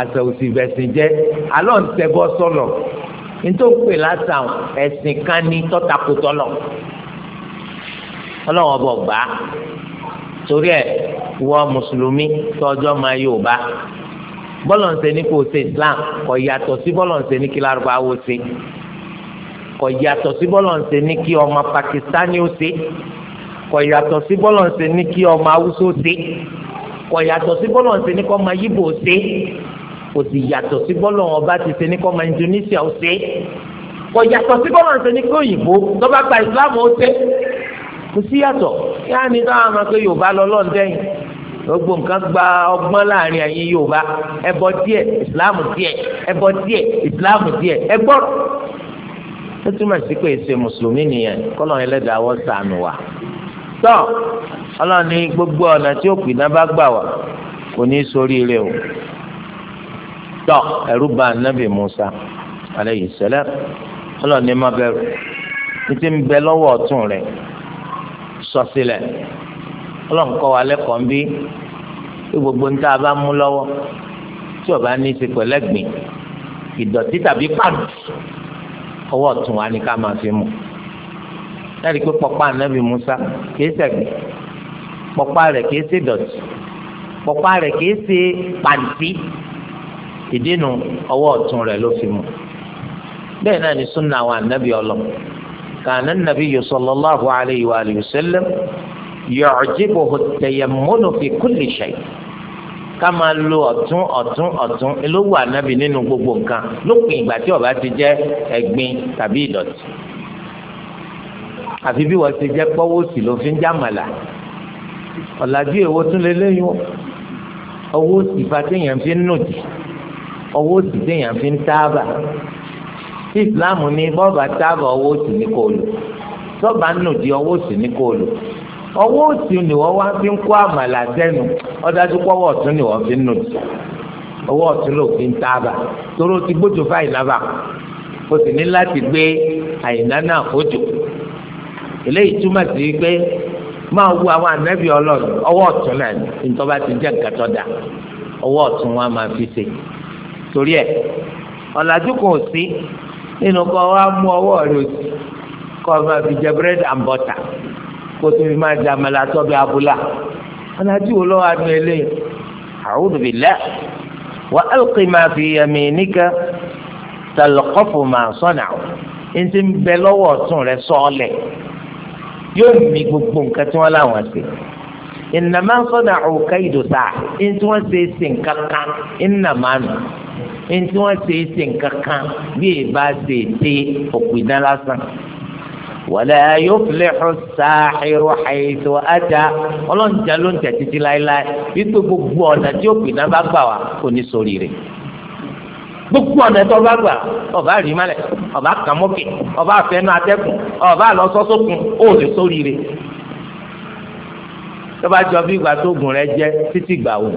àṣà òsì bẹ̀sìn jẹ́ alọ́ ń tẹ́bọ́ sọ̀lọ̀ nítorí pé lásà ẹ̀sìn kan ní tọ́takùtọ̀ lọ ọlọ́wọ́n bọ̀ gbà á torí ẹ̀ wọ mùsùlùmí tọ́jọ́ máa yóò bá bọ́lọ̀ ń ṣe ní kò ṣe Islam kò yàtọ̀ sí bọ́lọ̀ ń ṣe ní kí lárúbáwò ṣe kò yàtọ̀ sí bọ́lọ̀ ń ṣe ní kí ọmọ pakistani ó ṣe kò yàtọ̀ sí bọ́lọ̀ ń ṣe ní kí ọmọ haúsá ó ṣe kò yàtọ̀ sí bọ́lọ̀ ń ṣe ní kí ọmọ yíbò ṣe kò sì yàtọ̀ sí bọ́lọ̀ ọba ti ṣe ní kí ọmọ Indonesia ó ṣe kò yàtọ̀ sí bọ́lọ̀ ń ṣe ní kí òyìnbó lọ́ba gba ìsìlámù ó ṣe kò sí yàtọ̀ yáà ní táwọn ọmọ pé Yorùbá lọ lọ́ndẹ́yìn gbogbo nǹkan gba ọgbọ́n láàrin ẹ̀yin Yorùbá ẹbọ díẹ̀ ìsìláàmù díẹ̀ ẹbọ díẹ̀ ìsìláàmù díẹ̀ ẹgbọ́rọ̀ ó túmọ̀ sí pé èsè mùsùlùmí nìyẹn kọ́lọ̀ ẹlẹ́dàá wọ́n sànù wá. tọ́ ọlọ́run ní gbogbo ọ̀nà tí òkú iná bá gbà wá kò ní sórí ilé o. tọ́ ẹ̀rú bà ànábì Musa alayhi salam ọlọ́run ní má bẹ̀rù títí ń bẹ lọ́wọ́ ọ̀tún rẹ̀ sọ sílẹ̀ ọlọ́run kọ́ wa lẹ́kọ̀ọ́ ń bí gbogbo ń tá a bá mú lọ́wọ́ tí ọba ní í ṣe pẹ̀lẹ́gbìn ìdọ̀tí tàbí pàǹtí ọwọ́ ọ̀tún wa ni ká máa fi mú láti pé pọpá anabi musa kìí ṣẹ̀gbẹ́ pọpá rẹ̀ kìí ṣe dọ̀tí pọpá rẹ̀ kìí ṣe pàǹtí ìdínú ọwọ́ ọ̀tún rẹ̀ ló fi mú bẹ́ẹ̀ náà ni sunna àwọn anabi ọlọ kàánà nàbí sallallahu alayhi wa sallam yu'jibuhu at-tayammunu fi kulli shay' ká máa lo ọ̀tún ọ̀tún ọ̀tún elówó ànábì nínú gbogbo nǹkan lópin ìgbà tí ó bá ti jẹ́ ẹ̀gbin tàbí ìdọ̀tí àfi bí wọ́n ti jẹ́ pọ́wọ́ òsì ló fi ń jàmàlà ọ̀làjú èwo tún lè léyìn ọwọ́ òsì fa téèyàn fi ń nùdì ọwọ́ òsì téèyàn fi ń táàbà tí ìsìláàmù ní bọ́ọ̀bà táàbà ọwọ́ òsì ní kò lò tọ́ba nùdì ọwọ́ òsì ní kò lò ọwọ́ òsì ni wọ́n wá fi ń kó àmàlà sẹ́nu ọ̀dájú pọ́wọ́ ọ̀tún ni wọ́n fi ń nù jù ọwọ́ ọ̀tún ló fi ń o ti gbójú fún àyìnlá bà o sì ní láti gbé àyìnlá náà fojò eléyìí túmọ̀ sí pé máa wo àwọn ànábì ọlọ́run ọwọ́ ọ̀tún náà ni ti jẹ́ nǹkan dà ọwọ́ ọ̀tún wọn ọ kó tó fi máa jàmàlà tọ́bi abúlà ọ̀nàjú wo lọ́wọ́ adùn eléyìí a'udhu billah wa alqi ma fi yaminika talqafu ma sana'u ntí ń bẹ lọ́wọ́ ọ̀tún rẹ sọ́ọ̀lẹ̀ yóò mi gbogbo nǹkan tí wọ́n láwọn ṣe innama sana'u kaidu sa'a ntí wọ́n ṣe é ṣe nǹkan kan innama nù ntí wọ́n ṣe é ṣe nǹkan kan bí èèbá ṣe é ṣe òpìdán lásán wala yuflihu as-sahiru haythu ata ọlọ́njà ló ń tẹ̀ títí láéláé wípé gbogbo ọ̀nà tí ó pìnà bá gbà wá kò ní sórí rẹ̀ gbogbo ọ̀nà tó bá gbà ọba rí malẹ̀ ọba kàmókè ọba àfẹnú atẹ́kùn ọba àlọ́sọ́sọ́kùn ó lè sórí rẹ̀ tó bá jọ bí ìgbà tó gùn rẹ jẹ títí gbà wò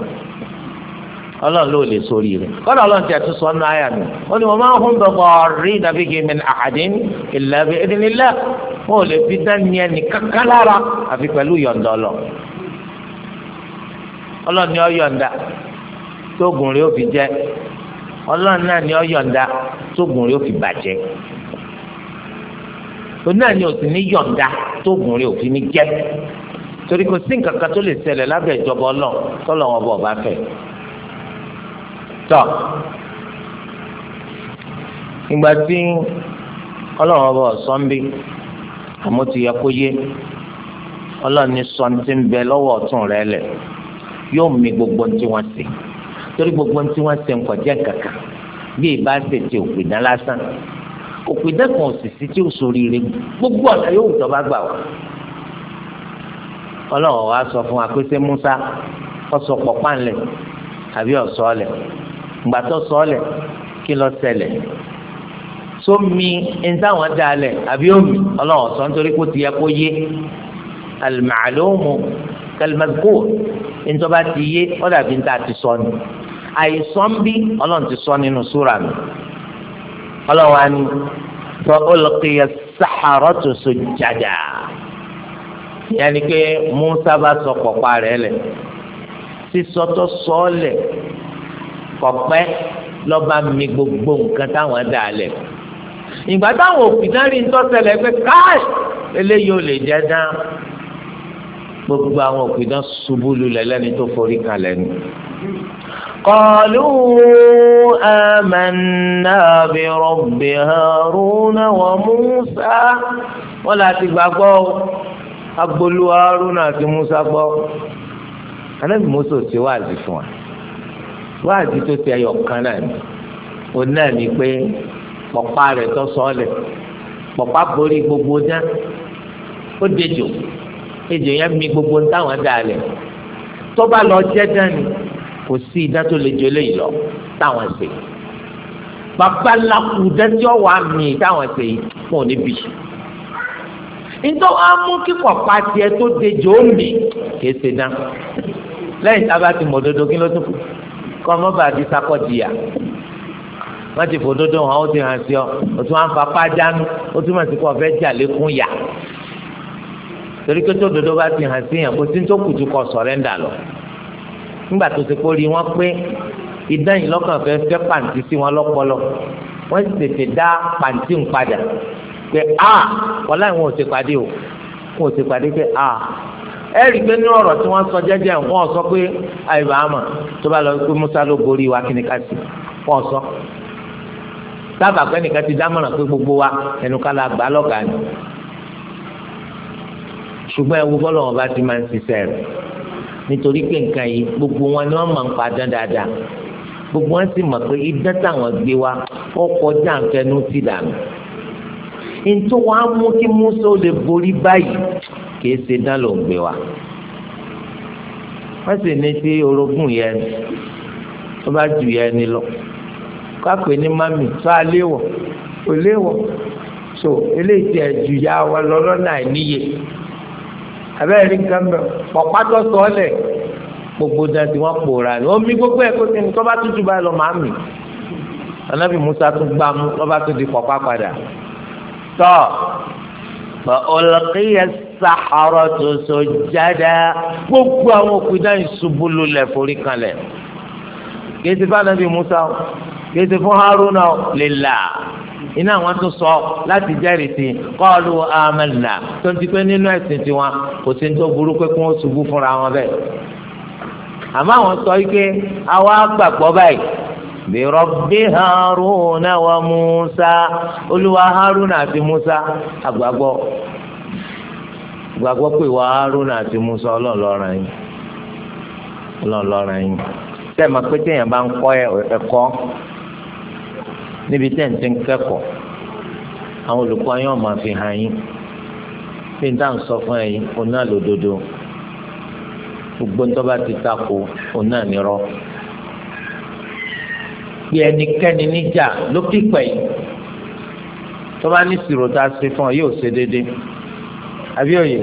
ọlọ́run ló lè sórí rẹ̀ kọ́dọ̀ ọlọ́run ti ẹ̀tún sọ ọ́nà àyà mi ó ní mo máa ń hún bọ̀bọ̀ rí dàbí kí min àhàdín ìlà bí ìdínilá mo lè fi dání ẹni kankan lára àfi pẹ̀lú yọ̀ǹda ọlọ ọlọ́run ni ọ yọ̀ǹda tóògùn rẹ̀ ó fi jẹ́ ọlọ́run náà ni ọ yọ̀ǹda tóògùn rẹ̀ ó fi bàjẹ́ òun náà ni ò sì ní yọ̀ǹda tóògùn rẹ̀ ò fi ní jẹ́ torí kò sí nǹkan kan tó lè ṣẹlẹ̀ lábẹ́ ìjọba ọlọ́run tọ́lọ́run ọba ọba fẹ́ tọ́ ìgbà tí ọlọ́run ọba ọ̀sán bí àmọ́ ti yẹ kó yé ọlọ́run ní sọ ti ń bẹ lọ́wọ́ ọ̀tún rẹ lẹ̀ yóò mi gbogbo tí wọ́n ṣe torí gbogbo tí wọ́n ṣe ń kọjá kankan bí ìbá ṣe ti òpìdán lásán òpìdán kan òṣìṣẹ́ tí ó ṣoríire gbogbo ọ̀nà yóò tọ́ bá gbà wá ọlọ́run wa sọ fún wa pé ṣé Musa ọ̀sọ̀ pọ̀ pàǹlẹ̀ àbí ọ̀sọ̀ ọ̀lẹ̀ gbàtọ́ sọ́ọ̀lẹ̀ kí lọ ṣẹlẹ̀ sómi ntáwọn dalẹ̀ àbí omi ọlọ́wọ́ sọ nítorí kó ti yẹ kó yé alimaalomu kalimako ntọ́ba ti yé ọ̀dà bí ntá ti sọ ni àìsàn bí ọlọ́run ti sọ nínú súra mi ọlọ́wọ́ á ní fa olùkìyà sàhárọ̀tò sujada yẹn ni pé Musa bá sọ pọ̀pá rẹ̀ lẹ̀ sísọtọ̀ sọ́ọ̀lẹ̀ fọ̀pẹ́ lọ́ba mi gbogbo nǹkan táwọn dà lẹ̀ ìgbà táwọn òpìdánrí ń tọ́sẹ̀lẹ̀ pé káì eléyìí ò lè jẹ́ dán gbogbo àwọn òpìdán ṣubú lulẹ̀ lẹ́ni tó forí kalẹ̀ ni. قالوا آمنا برب هارون وموسى ولا تبقوا أقبلوا هارون وموسى أقبلوا أنا بموسى سوى الزفوان wáàdì tó ti ẹyọ kan náà ni òun náà ni pé pọ̀pá rẹ̀ tó sọ ọ́ lẹ̀ pọ̀pá borí gbogbo dá ó dejò ejò yẹn mi gbogbo ń táwọn dá lẹ̀ tó bá lọ jẹ́ dání kò sí idá tó lè jọ léyìí lọ táwọn ṣe bàbá lakú dájọ́ wà mí táwọn ṣe fún níbí nítorí wọn mú kí pọ̀pá tiẹ̀ tó dejò ó mì kì í ṣe dá lẹ́yìn tá a bá ti mọ̀ dodo kí ló tún kù kọ́mọ́ bàbí sakọ́dìyà wọ́n ti fòdodo hàn ó ti hàn sí ọ o tún wọn fa pàjánu o tún màsí kọ́ fẹ́ jà lékún yà torí pé tó dodo bá ti hàn sí yàn kó tí tó kùtù kọ sọ̀rẹ́ndà lọ nígbà tó ti kórìí wọn pé idán yìí lọ́kàn fẹ́ fẹ́ pàǹtí sí wọn lọ́pọlọ wọ́n sì tètè dá pàǹtí ń padà pé a ah! wọ́n láì wọn ò ti pàdé o wọn ò ti pàdé pé a ah! ẹ rí i pé nínú ọ̀rọ̀ tí wọ́n sọ jẹ́jẹ́ wọ́n sọ pé àyùbá àmọ̀ tó bá lọ pé Musa ló borí wa kíni ká sí wọ́n sọ dábàá pé nìkan ti dámọ̀ràn pé gbogbo wa ẹnu ká la gbà lọ́gàá ni ṣùgbọ́n ewu bọ́lọ̀ wọn bá ti máa ń ṣiṣẹ́ rẹ̀ nítorí pé nǹkan yìí gbogbo wọn ni wọ́n máa ń padán dáadáa gbogbo wọn sì mọ̀ pé idán táwọn gbé wa ọkọ̀ jáǹfẹ́nu ti dànù ètò wa mú kí Musa ó lè borí báyìí kìí ṣe dán ló ń gbé wa wọ́n sì ní tí orogún yẹn tó bá ju yẹn ni lọ kápẹ́ ní mami tó a léwọ̀ kò léwọ̀ so eléyìí tí ẹ ju ya wa lọ́lọ́ náà níye abẹ́rẹ́ nǹkan mẹ́ pọ̀pátọ́ sọ́ọ́lẹ̀ gbogbo náà tí wọ́n pòórá ni omi gbogbo ẹ̀ kó sẹ́ni tó bá tútù báyìí lọ màá mì anabi musa tún gbà mú lọ́ba tó di pọ̀pá padà tọ́ ọ̀lọ́kìyà sàárọ̀tò sọ̀jáda gbogbo àwọn òkú náà ìṣubú lulẹ̀ forí kanlẹ̀ kéésì fún anabi musa o fún haruna o lèlà iná àwọn tó sọ láti jẹ́rìí sí kọ́ọ̀lù amẹ́nà tó ń ti pé nínú ẹ̀sìn tiwọn kò sí ní tó burú pé kí wọ́n ṣubú fúnra wọn bẹ́ẹ̀ àmọ́ àwọn sọ wípé àwa gbàgbọ́ báyìí bìrọ̀bì haruna wa musa olúwa haruna àti musa àgbàgbọ́ gbàgbọ́ pé wà á rúnà àti musa ọlọ́ọ̀lọ́ra yín ọlọ́ọ̀lọ́ra yín tẹ́ ẹ̀ máa pé téèyàn bá ń kọ́ ẹ̀kọ́ níbi tẹ́ ẹ̀ ń ti ń kẹ́kọ̀ọ́ àwọn olùkọ́ yín ọ̀ máa fi hàn yín bí n táwọn sọ fún ẹ̀yin òun náà lòdodo gbogbo ń tọ́ba ti tako òun náà nírọ́ pé ẹnikẹ́ni níjà ló kíkọ̀ tọ́ba ní sìrò tá a ṣe fún ọ yóò ṣe déédéé àbí òye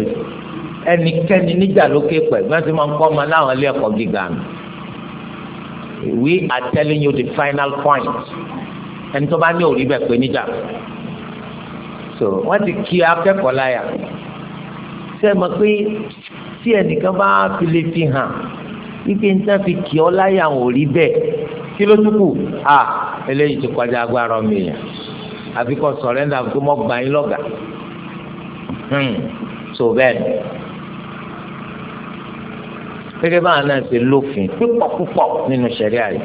ẹnikẹ́ni níjà lókè pẹ̀ bí wọ́n ti máa ń kọ́ ọmọ láwọn ilé ẹ̀kọ́ gíga nù we are telling you the final point ẹni tó bá ní òrí bẹ̀ pé níjà so wọ́n ti kí akẹ́kọ̀ọ́ láyà ṣe é mọ̀ pé tí ẹnìkan bá fi lè fi hàn wípé n ta fi kì ọ́ láyà ò rí bẹ́ẹ̀ kí ló dúkù à eléyìí ti kọjá agbára ọmọ èèyàn àfi kọ́ sọ̀rẹ́ndà fún mọ́gbà yín lọ́gàá. Hmm. so bẹ́ẹ̀ ni gẹ́gẹ́ báwọn náà ṣe lófin púpọ̀ púpọ̀ nínú ṣẹ̀ríà yìí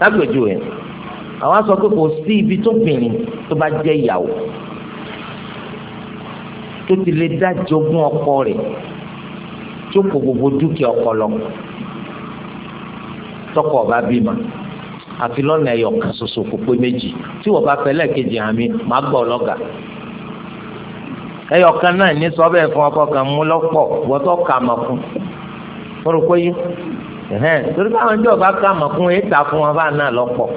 lágbèjúwe àwọn sọ pé kò sí ibi tó bìnrin tó bá jẹ́ ìyàwó tó ti lè dá jogún ọkọ rẹ̀ tó kò gbogbo dúkìá ọkọ lọ tọkọ ọba bímọ àfi lọ́nà ẹyọ kan ṣoṣo kò pé méjì tí wọ́n bá fẹ́ lẹ́ẹ̀kejì àmì màá gbọ́ ọlọ́gà ẹyọkan náà ní sọ bẹ́ẹ̀ fún ọkọ kan mú lọpọ wọ́tọ́ kà mọ̀ fún mo rò pé torí káwọn ẹjọ́ bá kà mọ̀ fún èyí fún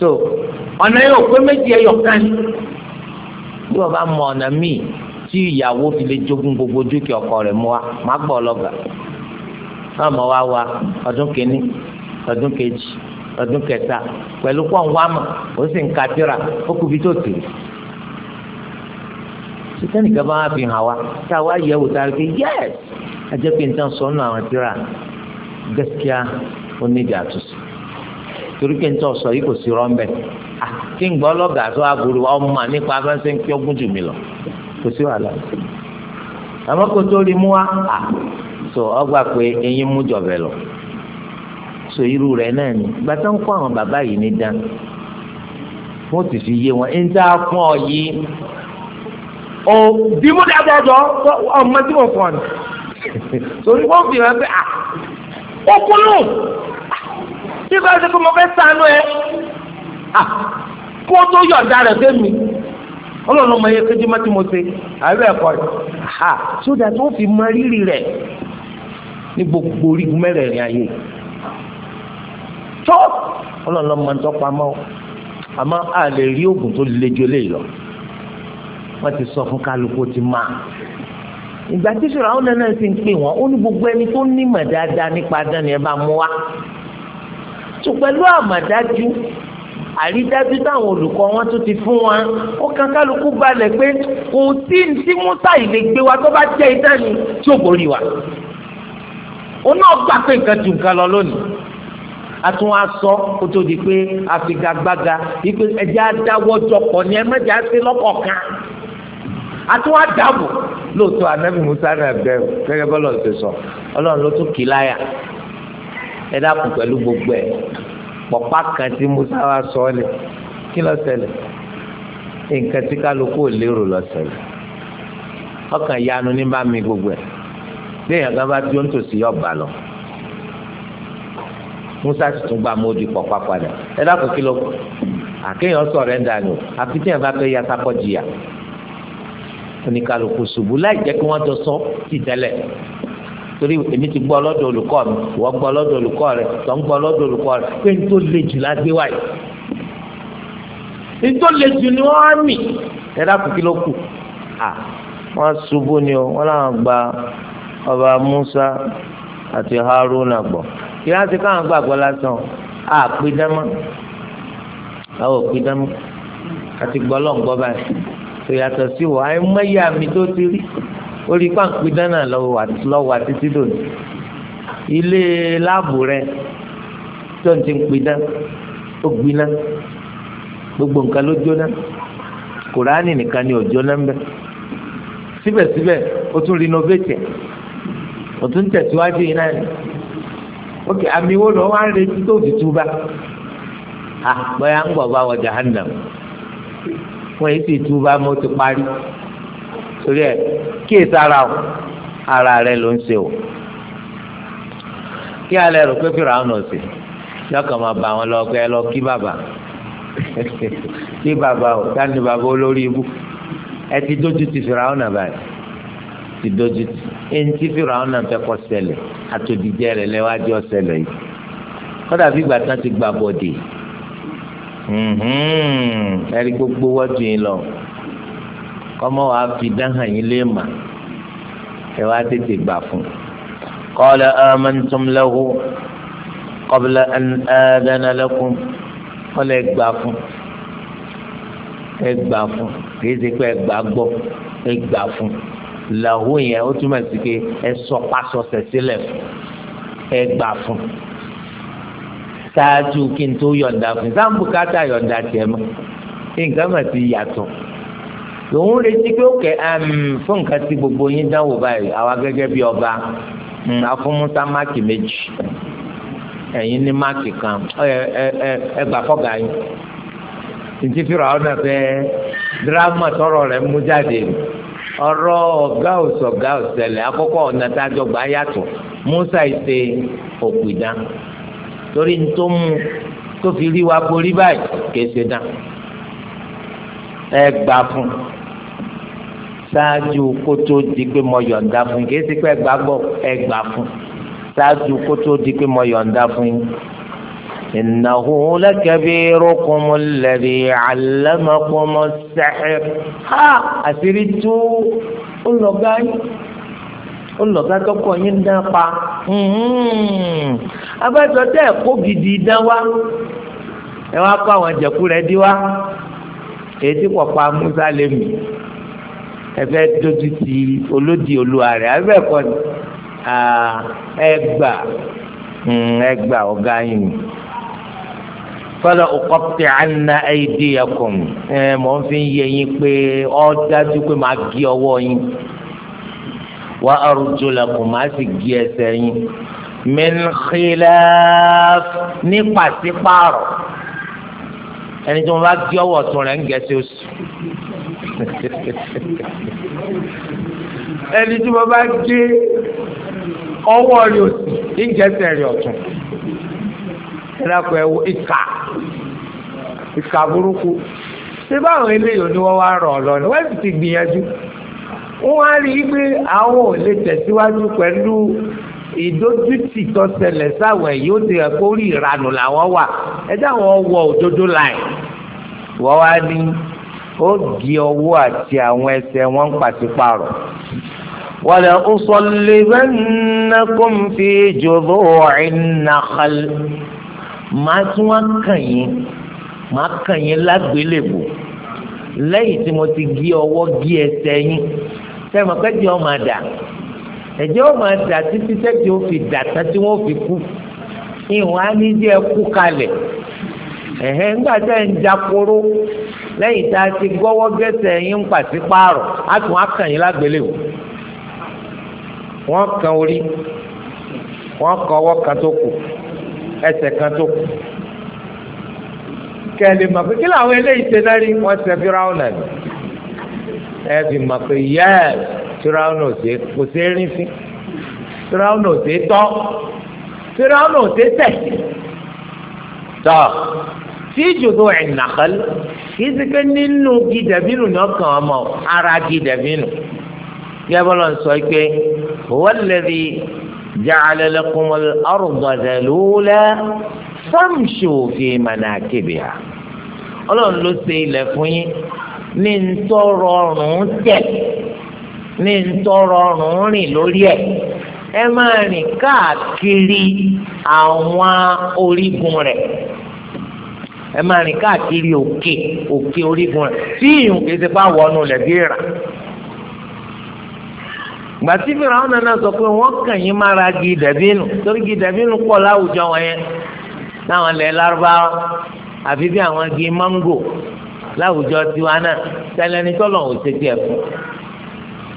so ọ̀nà yóò pé méjì mọ ọ̀nà míì tí ìyàwó gbogbo dúkìá ọkọ mú wa má gbọ́ náà wa ọdún ọdún kejì ọdún kẹta pẹ̀lú pọ̀ ń wá ó sì ń ka tíra sẹ́nìkan bá wá fi hàn wá tá a wá yẹ wò tá a rí pé yẹ́s ajẹ́ pé nǹkan sọnù àwọn tíra gaskiya ó nídìí àtúnṣe torí pé nǹkan sọ yìí kò sí rọ́ńbẹ́ kí n gbọ́ lọ́gàá tó agbóró ọmọ nípa abẹ́sẹ̀ ń kí ọgbọ́n jù mí lọ kò sí wàhálà àmọ́ kó tó rí mú wa à so ọgbà pé eyín mú jọ̀bẹ̀ lọ so irú rẹ̀ náà ni gbàtà ń kó àwọn bàbá yìí ní dán wọ́n ti fi yé wọn ń tá a fún ọ yìí ò dìímú dábọ̀ ọ̀dọ̀ ọmọ tí mo fọ̀ ni torí wọ́n fi hàn pé à ah, ó kúlù tí kò ṣe pé mo fẹ́ sànú ẹ ah, kó tó yọ̀ǹda rẹ̀ fẹ́mi ọlọ́run ọmọ yẹn kéjì má tí mo ṣe àbẹ̀ ẹ̀kọ́ rẹ̀ sódà tó fi mọ rírì rẹ̀ ní gbogbo orígun mẹ́rẹ̀ẹ̀rin ayé tó ọlọ́run ọmọ ń tọ́pamọ́ àmọ́ a lè rí oògùn tó le ju eléyìí lọ wọ́n ti sọ fún kálukú ti máa ìgbà tí sọ̀rọ̀ àwọn náà náà ti ń pè wọ́n ó ní gbogbo ẹni tó nímọ̀ dáadáa nípa dání ẹ bá mú wa tó pẹ̀lú àmàdájú àrídájú táwọn olùkọ́ wọn tó ti fún wa ó kan kálukú balẹ̀ pé kò sí tí musa yìí lè gbé wa tó bá jẹ́ idán ni tí ó borí wa ó náà gbà pé nǹkan ju nǹkan lọ lónìí a tún wá sọ kó tó di pé àfigagbága yìí pé ẹjẹ́ ni ẹ mẹ́jẹ̀ á sí lọ́kọ̀ọ̀kan àtúwà dàbò lóòótọ́ anabi musa náà bẹ gẹ́gẹ́ bọ́lá ṣe sọ ọlọ́run ló tún kì í láyà ẹ dákun pẹ̀lú gbogbo ẹ̀ pọ̀pá kan tí musa wa sọ ọ́ lẹ̀ kí ló ṣẹlẹ̀ nǹkan tí kálukú ò lérò ló ṣẹlẹ̀ ọkàn yanu ní bá mi gbogbo ẹ̀ léèyàn kan bá tí ó ń tòsí lọ musa sì tún gbà mójú pọ̀pá padà ẹ dákun kí ló àkéèyàn sọ̀rẹ́ńdà ni o àfi tí yẹn bá fẹ́ yá sápọ̀ jìyà oníkàlùkù ṣubú láì jẹ́ kí wọ́n jọ sọ ti tẹ́lẹ̀ torí èmi ti gbọ́ lọ́dọ̀ olùkọ́ mi wọ́n gbọ́ lọ́dọ̀ olùkọ́ rẹ̀ tọ́ ń gbọ́ lọ́dọ̀ olùkọ́ rẹ̀ pé n tó le jù lágbé wáyé n tó le jù ni wọ́n á mì ẹ dákun kí ló kù à wọ́n ṣubú ni o wọ́n làwọn gba ọba Musa àti Haruna gbọ́ kí wọ́n ti káwọn gbàgbọ́ lásán à pé dámọ́ àwọn ò pé dámọ́ àti gbọ́ lọ́ngbọ́ báyìí. tó sí wa àyè mẹ́yà mi tó ti rí orí pàǹpì dáná lọ́wọ́ àtítí dòní ilé láàbù rẹ tó ń ti ó gbiná gbogbo nǹkan ló jóná kùránì nìkan ni ò jóná síbẹ̀síbẹ̀ tún tún tẹ̀síwájú yìí náà ok àmì wo lọ wá ń retí tó ti ah, ń wọn yìí sì túbà mo ti parí torí ẹ kí èso ara o ara rẹ ló ń ṣe o kí alẹ́ rò pé fìrà ọ̀nà ọ̀sẹ̀ yọkàn máa bá wọn lọ pé ẹ lọ kí bàbá kí bàbá o dání bàbá olórí ibú ẹ ti dójú ti fìrà ọ̀nà báyìí ti dójú ti eŋti fìrà ọ̀nà fẹ́ kọ́ ṣẹlẹ̀ àtòdìjẹ́ rẹ̀ lẹ́wájú ọ̀sẹ̀lẹ̀ yìí kọ́dà bí gbàtà ti gbà bọ̀dé yìí. Mm-hmm. ẹ̀rí gbogbo wọ́jú yín lọ kọ́mọ́ wàá fi dáhà yín lé mà ẹ wá tètè gbà fún. qala amantum lahu qabla an adana lakum kọ́lẹ̀ gbà fún ẹ gbà fún kìí ṣe pé ẹ gbà gbọ́ ẹ gbà fún lahu yẹn ó túmọ̀ sí pé ẹ sọ pásọsẹ̀ sílẹ̀ fún ẹ gbà fún. ṣáájú kí n tó yọ̀ǹda fún un sáà bùkátà yọ̀ǹda tiẹ̀ mọ́ nǹkan yàtọ̀ lòun retí um, tí gbogbo yín dánwò báyìí àwa gẹ́gẹ́ bí ọba um, afúnmúta máàkì méjì ẹ̀yin ní máàkì kan ẹ fọ́gà yín ntí fìrà ọ̀nà fẹ́ dírámà tọrọ rẹ̀ mú jáde ọ̀rọ̀ ọ̀gá òsọ̀gá òsẹ̀lẹ̀ ọ̀nà yàtọ̀ Musa ìṣe torí ní tó mú tó fi rí wa borí báyìí kìí ṣe dán ẹ gbà fún ṣáájú kó tó di pé mo yọ̀ǹda fún yín kìí ṣe pé ẹ gbà gbọ́ ẹ gbà fún ṣáájú kó tó di pé mo yọ̀ǹda fún yín. إنه لكبيركم الذي علمكم السحر ها أسرتو ọlọgá ọlọgá tọkọ yín dápa hmm abájọ tẹ́ ẹ̀ kó gidi dán wá ẹ wá kó àwọn jẹ̀kú rẹ̀ dí wá èyí tí pọ̀pọ̀ amúsá lè mì ẹ fẹ́ dojú ti olódì olúwa rẹ̀ abẹ́ kọ́ ni ẹ gbà hmm, ẹ gbà ọ̀gá yín ni fọlọ ọkọpẹ àná ẹyẹdẹ ẹkùn ẹ mọ n fi yẹ yín pé ọ dájú pé màá gé ọwọ́ yín wà á rújò lẹkùn màá sì gé ẹsẹ̀ yín min khilaf ní pàṣípààrọ̀ ẹni tí wọ́n bá gé ọwọ́ ọ̀tún rẹ̀ ń gẹ̀ẹ́sì oṣù ẹni tí wọ́n bá gé ọwọ́ rẹ̀ oṣù ń gẹ̀ẹ́sì rẹ̀ ọ̀tún ẹlẹ́kọ̀ọ́ ẹ̀wọ̀ ìkà ìkà burúkú ṣé báwọn eléyìí ni wọ́n wá rọ̀ ọ́ lọ́nà wọ́n sì ti gbìyànjú wọ́n á rí i pé àwọn ò lè tẹ̀síwájú pẹ̀lú ìdójútì tó ṣẹlẹ̀ sáwọn ẹ̀yìn ó ti rẹ̀ kó rí ìranù làwọn wà ẹjẹ́ àwọn wọ òdodo láì wọ́n wá ní ó di ọwọ́ àti àwọn ẹsẹ̀ wọn ń pàṣípààrọ̀. wàlẹ̀ ọ̀sọ̀lẹ̀bẹ̀nàkùn fi jòdó ìnàkàl màá tún wá kàn yín màá kàn yín lágbélébò lẹ́yìn tí mo ti gé ọwọ́ gé ẹsẹ̀ yín sẹ́mi pẹ́ tí ọ máa dà ẹ̀jẹ̀ wọn máa dà títí sẹ́ẹ̀tì ó fi dà tán tí fi kú ìwọ̀n á ní ku kalẹ kalẹ̀ ẹ̀hẹ́ nígbà ń a ti gbọ́wọ́ gẹ́sẹ̀ yín ń pàṣípààrọ̀ tún kan orí wọn kan ọwọ kan tó kù kan tó kù kẹ́lẹ́ mọ̀ pé kí làwọn eléyìí ṣe náà rí wọ́n ṣe fi ráwọn ẹ fi fíráúnà òsè kò sí erin sí fíráúnà òsè tọ́ fíráúnà òsè tẹ̀ tọ́ tí ìjòkó ẹ̀nàkọ́lù kì í sì pé nínú gidẹ̀bínú ni ọkàn ọmọ ara gidẹ̀bínú kí ẹ bọ́ lọ sọ pé wọ́n lè rí jàlẹ́lẹ́kùnmọ́lẹ́ ọ̀rùngbọ̀dẹ̀lúwúlẹ́ fáǹsì òfin mànà kébìà ọlọ́run ló ṣe ilẹ̀ fún yín ní ntọ́rọ̀ọ̀rùn tẹ̀ ní ntọ́rọrùn rìn lórí ẹ̀ ẹ máa rìn káàkiri àwọn orígun rẹ̀ ẹ máa rìn káàkiri òkè òkè orígun rẹ̀ tí ìyún kìí ṣe bá wọnú lẹ̀ bí rà gbàtí fìrà ọ̀nà náà sọ pé wọ́n kàn yín mára gi dàbínù torí gi dàbínù pọ̀ láwùjọ wọn yẹn láwọn ilẹ̀ lárúbáwá àfi bí àwọn igi máńgò láwùjọ tiwa náà tẹ́lẹ̀ ní tọ́lọ̀ ò ṣe tiẹ̀ fún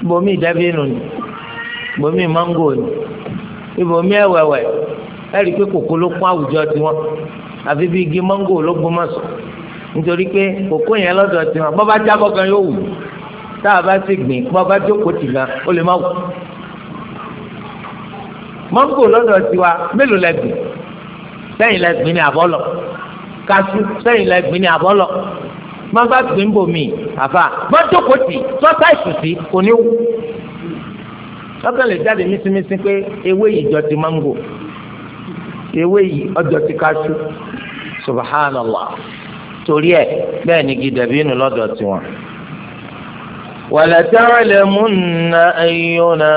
bomi dàbínù ni bomi mángò ni ibomi ẹ̀wẹ̀wẹ̀ ẹ̀rí pé kòkó ló kún àwùjọ tiwọn àfi bí igi mángò ló gbó má sùn nítorí pé kòkó yẹn lọ́dọ̀ tiwọn bọ́ bá jábọ́ gan yóò wù tá a bá sì gbìn bọ́ bá jókòó tì gan ó lè má wù mángò lọ́dọ̀ tiwa mélòó lẹ gbìn sẹ́yìn lẹ gbìn ní àbọ̀lọ̀ kaṣú sẹ́yìn lẹ gbìn ní àbọ̀lọ̀ má bá gbé ń bò mí àfa má jókòó tì ìsùsì kò ní wú. lọ́kàn lè jáde mísímísí pé ewé yìí jọ ti máńgò ewé yìí ọjọ́ ti káṣú subhanallah torí ẹ bẹ́ẹ̀ ni gidẹ̀bí nù lọ́dọ̀ tiwọn. ولتعلمن أينا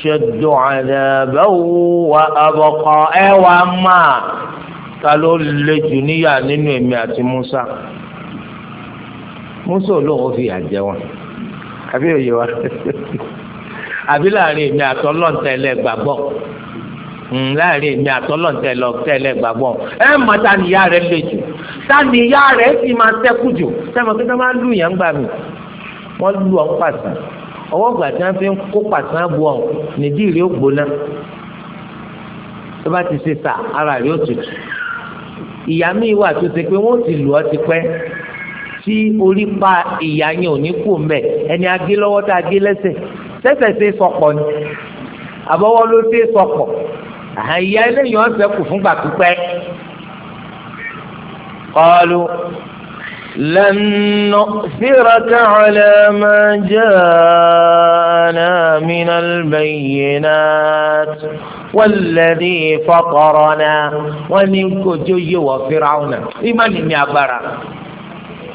شد عذابا وأبقى ẹ wàá máa ta ló le musa olóhùn fi àjẹ wọn àbí òye wa àbí láàrin èmi àtọ́lọ́ntẹ́lẹ̀ gbàgbọ́ hmm, láàrin èmi àtọ́lọ́ntẹ́lẹ̀ gbàgbọ́ ẹ mọ taniya rẹ lè jù taniya rẹ sì máa sẹ́kù jù sẹ́mi pé sẹ́mi lù yẹn ń gbà mí wọ́n lù ọ́ pàṣẹ ọwọ́ gbà tí wọ́n fi ń kó pàṣẹ bu ọ̀ nídìí rí ó gbóná tó bá ti ṣe ta ara rí ó tutù ìyá mi wà tó ṣe pé wọ́n ti lù ọ́ ti pẹ́ tí orí pa ìyá yẹn ò ní kú mbẹ ẹni agé lọ́wọ́ tá a gé lẹ́sẹ̀ sẹ́sẹ̀ ṣe ni àbọ̀wọ́ ló ṣe sọ̀pọ̀ àyà eléyìí ọ̀sẹ̀ kù fúngbà pípẹ́ kọlu lẹ́nu sírọ̀tà ọ̀lẹ́ máa jẹ́ ànámínà lẹ́yìn náà. والذي فطرنا ومن كجي وفرعون إيمان من أبرا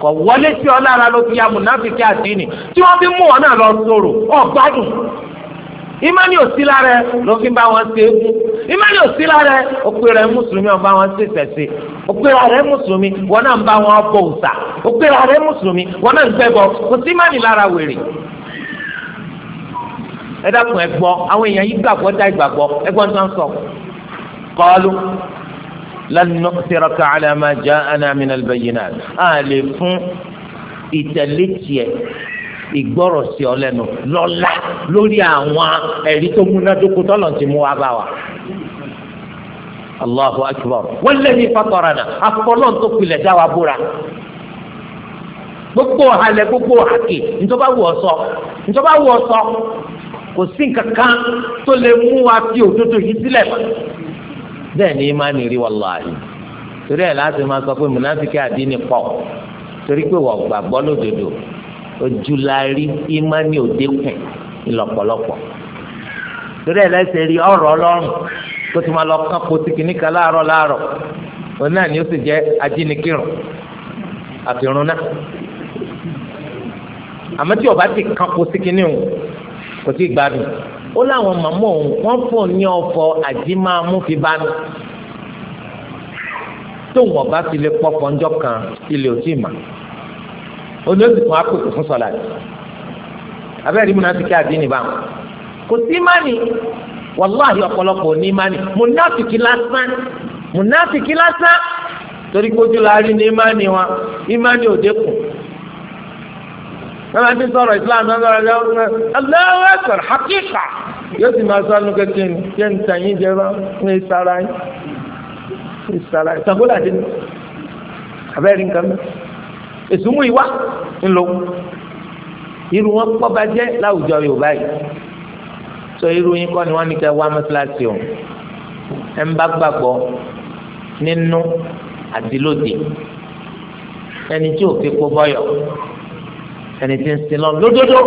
kọ̀ wọlé sí ọ lára ló ti ya mùnáfíkì àti ìní tí wọ́n fi mú ọ náà lọ sọ̀rọ̀ ọ̀ gbádùn ìmánì òsì lára ẹ ló fi bá wọn ṣe égún ìmánì òsì lára ẹ òpè rẹ mùsùlùmí ọba wọn ṣe ṣẹṣe òpè rẹ mùsùlùmí wọn náà ń bá wọn bọ òòṣà òpè rẹ mùsùlùmí wọn náà ń gbẹbọ kò sí ìmánì lára wèrè ẹ dákun ẹ gbọ́ àwọn èèyàn yìí gbàgbọ́ dá ìgbàgbọ́ ẹ gbọ́ ní wọn sọ kọlu lánà tẹ̀rọ̀kà àlàmà já ànàmìnà bẹ̀yìnà á lè fún ìtẹ̀lé tiẹ̀ ìgbọ́rọ̀ sí ọ lẹ́nu lọ́la lórí àwọn ẹ̀rí tó múnádóko tọ́lọ̀ ti mú wa bá wa. Allahu akbar wallahi fatarana afọlọ́n tó pilẹ̀ dá wa búra gbogbo halẹ̀ gbogbo hake ntọ́ba wù ọ sọ ntọ́ba wù kò sí tó lè mú wa fi òdodo yìí sílẹ̀ bẹ́ẹ̀ ni ìmánì rí wàláhì torí ẹ̀ láti máa sọ pé mùnáfíkì àdínì pọ̀ torí pé wọ́n gbàgbọ́ lódodo ojúlárí ìmánì òdekùn ìlọ̀pọ̀lọpọ̀ torí ẹ̀ lẹ́sẹ̀ rí ọ̀rọ̀ ọlọ́run kó ti máa lọ kán kóòtù kìnnìkan láàárọ̀ láàárọ̀ òun náà ni ó sì jẹ́ ajínikírun àfihàn náà àmọ́ tí ọba ti kán kóòtù kìnnìkan kò tí ì gbádùn ó láwọn màmá òun wọ́n fò ní ọ̀fọ̀ àdìmáàmúfibánu tóun ọba fi lè pọ pọ́njọ́ kan ilé òtí mà olóòtú kan apèkè fún sọlá yìí abẹ́rẹ́ ìmúná ti kí àdínì bá wọn kò sí mánì wàláhì ọ̀pọ̀lọpọ̀ ní mánì mùnáfìkì lásán mùnáfìkì lásán torí kójú la rí ní mánì wọn ìmánì òde kù bàbá tí sọ̀rọ̀ islam náà sọ̀rọ̀ ẹ̀rọ Allahu Akbar hakíkà yóò sì máa sọ́nù kékeré ní kí n tẹ̀yìn jẹba ní ìsara ìsara ìsàgbọ́lá dín ní abẹ́rẹ́ nǹkan mẹ́ èsì mú ìwá ńlọ irun wọn pọ̀ bàjẹ́ láwùjọ Yorùbá yìí sọ irun kọ́ ni wọ́n ní kẹ́ wá mọ́sálásí o ẹ̀ ń bá gbàgbọ́ nínú àti ẹni tí ò fi kó bọ́yọ̀ ẹni tí ń sin lọ lódodo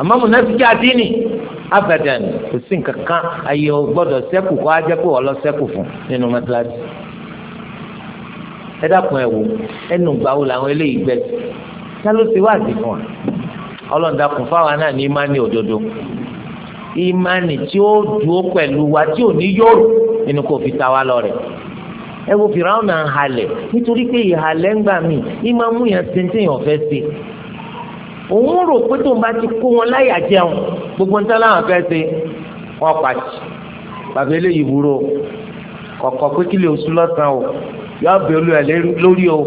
àmọ́ mùnàfíkì àdínì abadan kò sí nǹkan kan ayé o gbọ́dọ̀ sẹ́kù kó ajẹ́ pé wọ́n lọ sẹ́kù fún nínú mẹ́tíláṣí ẹ dákun ẹ wò ẹnu gbàwó làwọn eléyìí gbẹ ká ló ti wá àdìfún wa ọlọ́ọ̀dàkùn fáwọn náà ní ìmánì òdodo ìmánì tí ó dúró pẹ̀lú wa tí ò ní yóò nínú kò fi ta wá lọ rẹ̀ ẹ wo fìràwọn náà halẹ̀ nítorí pé ìhalẹ̀ ń gbà mí ìmọ̀ mú yẹn tẹ́ntẹ́ yẹn ọ̀fẹ́ sí òun rò pé tóun bá ti kó wọn láyà jẹun gbogbo ń tán láwọn fẹ́ ṣe wọn pàtì bàbá eléyìí wúro kọ̀kọ́ pé kí lè oṣù lọ́sàn o yóò bẹ olú ẹ lórí o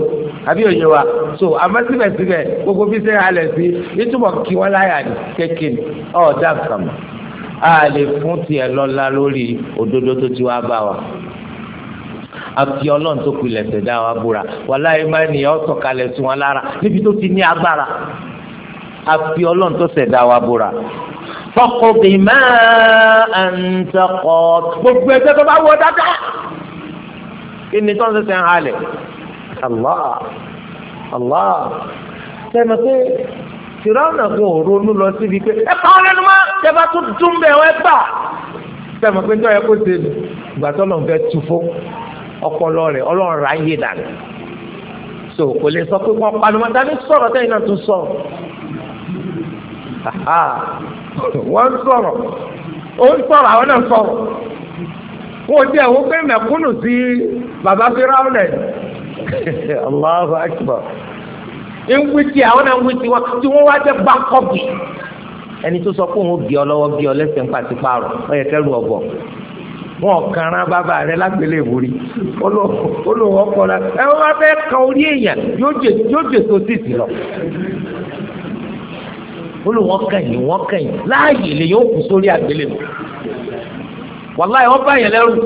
àbí òye wa so àmọ́ síbẹ̀síbẹ̀ gbogbo bí sẹ́yìn alẹ̀ sí ìtumọ̀ kí wọ́n láyà kékin ọ̀ dá nǹkan mọ́ a lè fún tiẹ̀ lọ́la lórí òdodo tó ti wá bá wa àfi ọlọ́run tó pilẹ̀ ṣẹ̀dá wa búra wàláyé má nìyẹn ó sọ̀kalẹ̀ sí wọn lára níbi tó ti ní agbára àfi ọlọ́run tó ṣẹ̀dá wa búra fọkùnrin máa ń tọkọ gbogbo ẹgbẹ́ tó bá wọ dáadáa kí ni tó ń ṣẹ̀ṣẹ̀ ń halẹ̀ allah allah sẹ́nu pé tìrọ́nà kò ronú lọ síbi pé ẹ pa ọ́ lẹ́nu mọ́ ẹ bá tún dún bẹ́ẹ̀ wọ́n ẹ gbà sẹ́nu pé ń tọ́ yẹ kó ṣe gbàtọ́ lọ́n tu fún ọpọlọ rẹ̀ ọlọ́run rà yé dànù so kò lè sọ pé wọn palomata ní sọ̀rọ̀ tẹ̀yin náà tún sọ wọn sọ̀rọ̀ ó ń sọ̀rọ̀ àwọn náà sọ̀rọ̀ wọn ò tí ẹ wọn pé mẹ̀kúnnù sí baba firawo lẹ Allahu akbar ń wí tí àwọn náà ń wí tí wọn tí wọn wá jẹ bákọọbì ẹni tó sọ pé òun bí ọ lọ́wọ́ bí ọ lẹ́sẹ̀ ń pàṣípààrọ̀ ọ yẹ kẹrù ọgbọ wọn kàrán bàbá rẹ lágbélé ìwòrí olówó ọpọlọ ẹ wọn bá fẹ́ kan orí èèyàn yóò jèso títì lọ olówó kẹyìn wọn kẹyìn láàyè lè yóò kù sórí àgbélé wọn wàláyé wọn bá yẹn lẹ́rù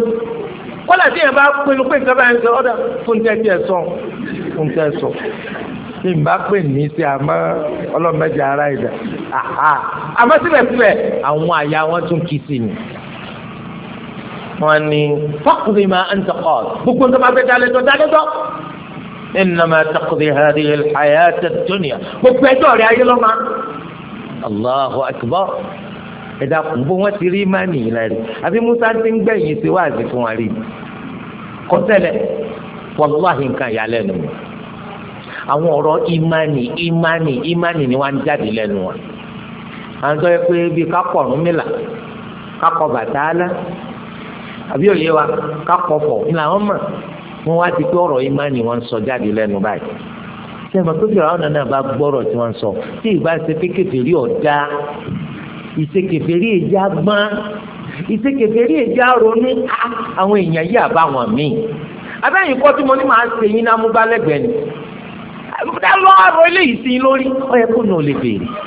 kọlá tí yẹn bá pinnu pé nǹkan bá yẹn sọ ọdọ fún tẹ tiẹ sọ fún tẹ sọ tí n bá pè ní sí àmọ́ ọlọmọdé ara ìdá àmọ́ síbẹ̀síbẹ̀ àwọn àyà wọn tún kì í sí ni. عفوان فاقضي ما أنت قاض بكون تبع بيتالي تبع بيتالي تبع إنما تقضي هذه الحياة الدنيا بكون بيتالي أي لما الله أكبر إذا قبوة ريماني لدي أبي موسى تنبين بي سوازي كواري قتل والله إن كان يعلنه àwọn ọ̀rọ̀ imani imani imani ni wà ń jáde lẹ́nu wa àwọn tó yẹ pé bíi kakọ̀ ọ̀rún mìlá kakọ̀ bàtà á lá àbí òye wa kápọ̀fọ̀ ńlá wọn mọ̀ wọn wá ti pé ọ̀rọ̀ yìí má ni wọ́n sọ jáde lẹ́nu báyìí tí a máa tó fìrà ọ̀nà náà bá gbọ́rọ̀ tí wọ́n sọ tí ìgbà ṣe pé kèfèrí ọ̀dá ìṣekèfèrí ìjà gbọ́n ìṣekèfèrí ìjà ronú àwọn èèyàn yìí àbáwọn míì abẹ́yìn kọ́ tí mo ní máa ṣe yín náà mú ni dá lọ́ àrò eléyìí sí i lórí ó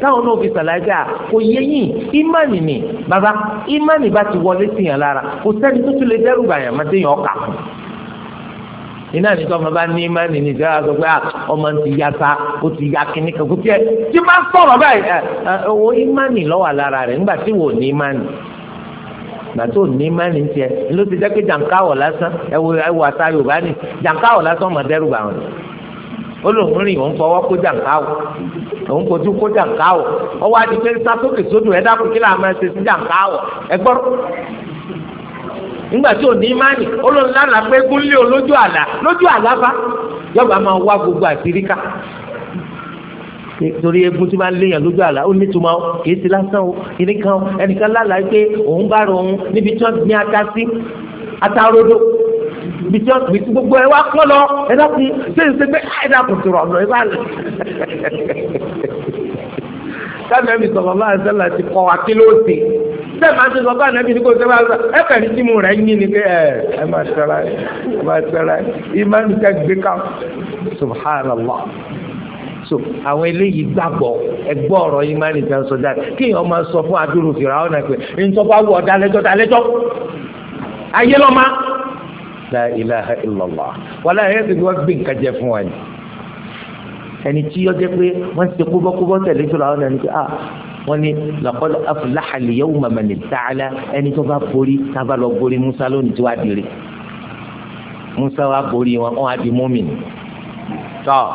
káwọn náà fi sàlàyé à kò yé yín ìmánì ni bàbá ìmánì bá ti wọlé sí yàn lára kò sẹ́ni tó tún lè dẹ́rù bàyàn máa dé yàn ọkà kù iná ní sọ́mọ bá ní ìmánì ní ìjọba sọ pé ọmọ ti ya sa ó ti ya kíní kan kó tiẹ̀ tí máa sọ̀rọ̀ báyìí owó ìmánì lọ́wọ́ lára rẹ̀ nígbà tí wò ní ìmánì gbàtò ní ló ti pé lásán Yorùbá ni lásán òun kò tún kó jàǹká o ọwọ́ adi pé sasókè sódò ẹ̀dá kò kí làwọn ẹsẹ̀ sí jàǹká o ẹgbọ́n nígbà tí ò ní imáàní olóhùn lánàá pé gúnlé o lójú àlá lójú àlá bá yọba máa wá gbogbo torí egun tí máa ń lójú àlá ó ti lásán o ẹnìkan lálàá pé òun bá rọ òun níbi tí gbin ata sí bí tí wọ́n ti gbogbo ẹ wá kọ́ lọ ẹ dákun ṣé ìṣe pé ah, ẹ dákun ti rọ̀ ọ̀nà ẹ bá lè. sábẹ́ mi sọ̀rọ̀ bá ẹsẹ̀ la ti kọ́ wa kí ló dé bẹ́ẹ̀ máa ń sọ bá ẹ̀nà bí ní kò sẹ́wà sọ ẹ kàn ní tìmù rẹ̀ yín ni pé ẹ ẹ máa tẹ̀ra ẹ ẹ máa tẹ̀ra ẹ ìmánu ká gbé ká subhanallah so àwọn eléyìí gbàgbọ́ ẹgbọ́ ọ̀rọ̀ yìí máa ń nìkan sọ jáde kí èèyàn máa sọ fún adúrú fìrà ọ̀nà pé ntọ́ba wù ọ̀dà lẹ́jọ́ dà ayé lọ́ma la ilaha illallah wàlá yẹn ti wọ́n gbé nǹkan jẹ fún wa ni ẹni tí yọ jẹ pé wọ́n ti kúbọ́kúbọ́ tẹ̀lé tó làwọn ẹni tí a ah, wọ́n ní laqad aflaha al-yawma man ta'ala ẹni tó bá borí tábà lọ borí musa lónìí tí wàá dìrì musa wàá borí wọn wọ́n á di mọ́mìnì tọ́.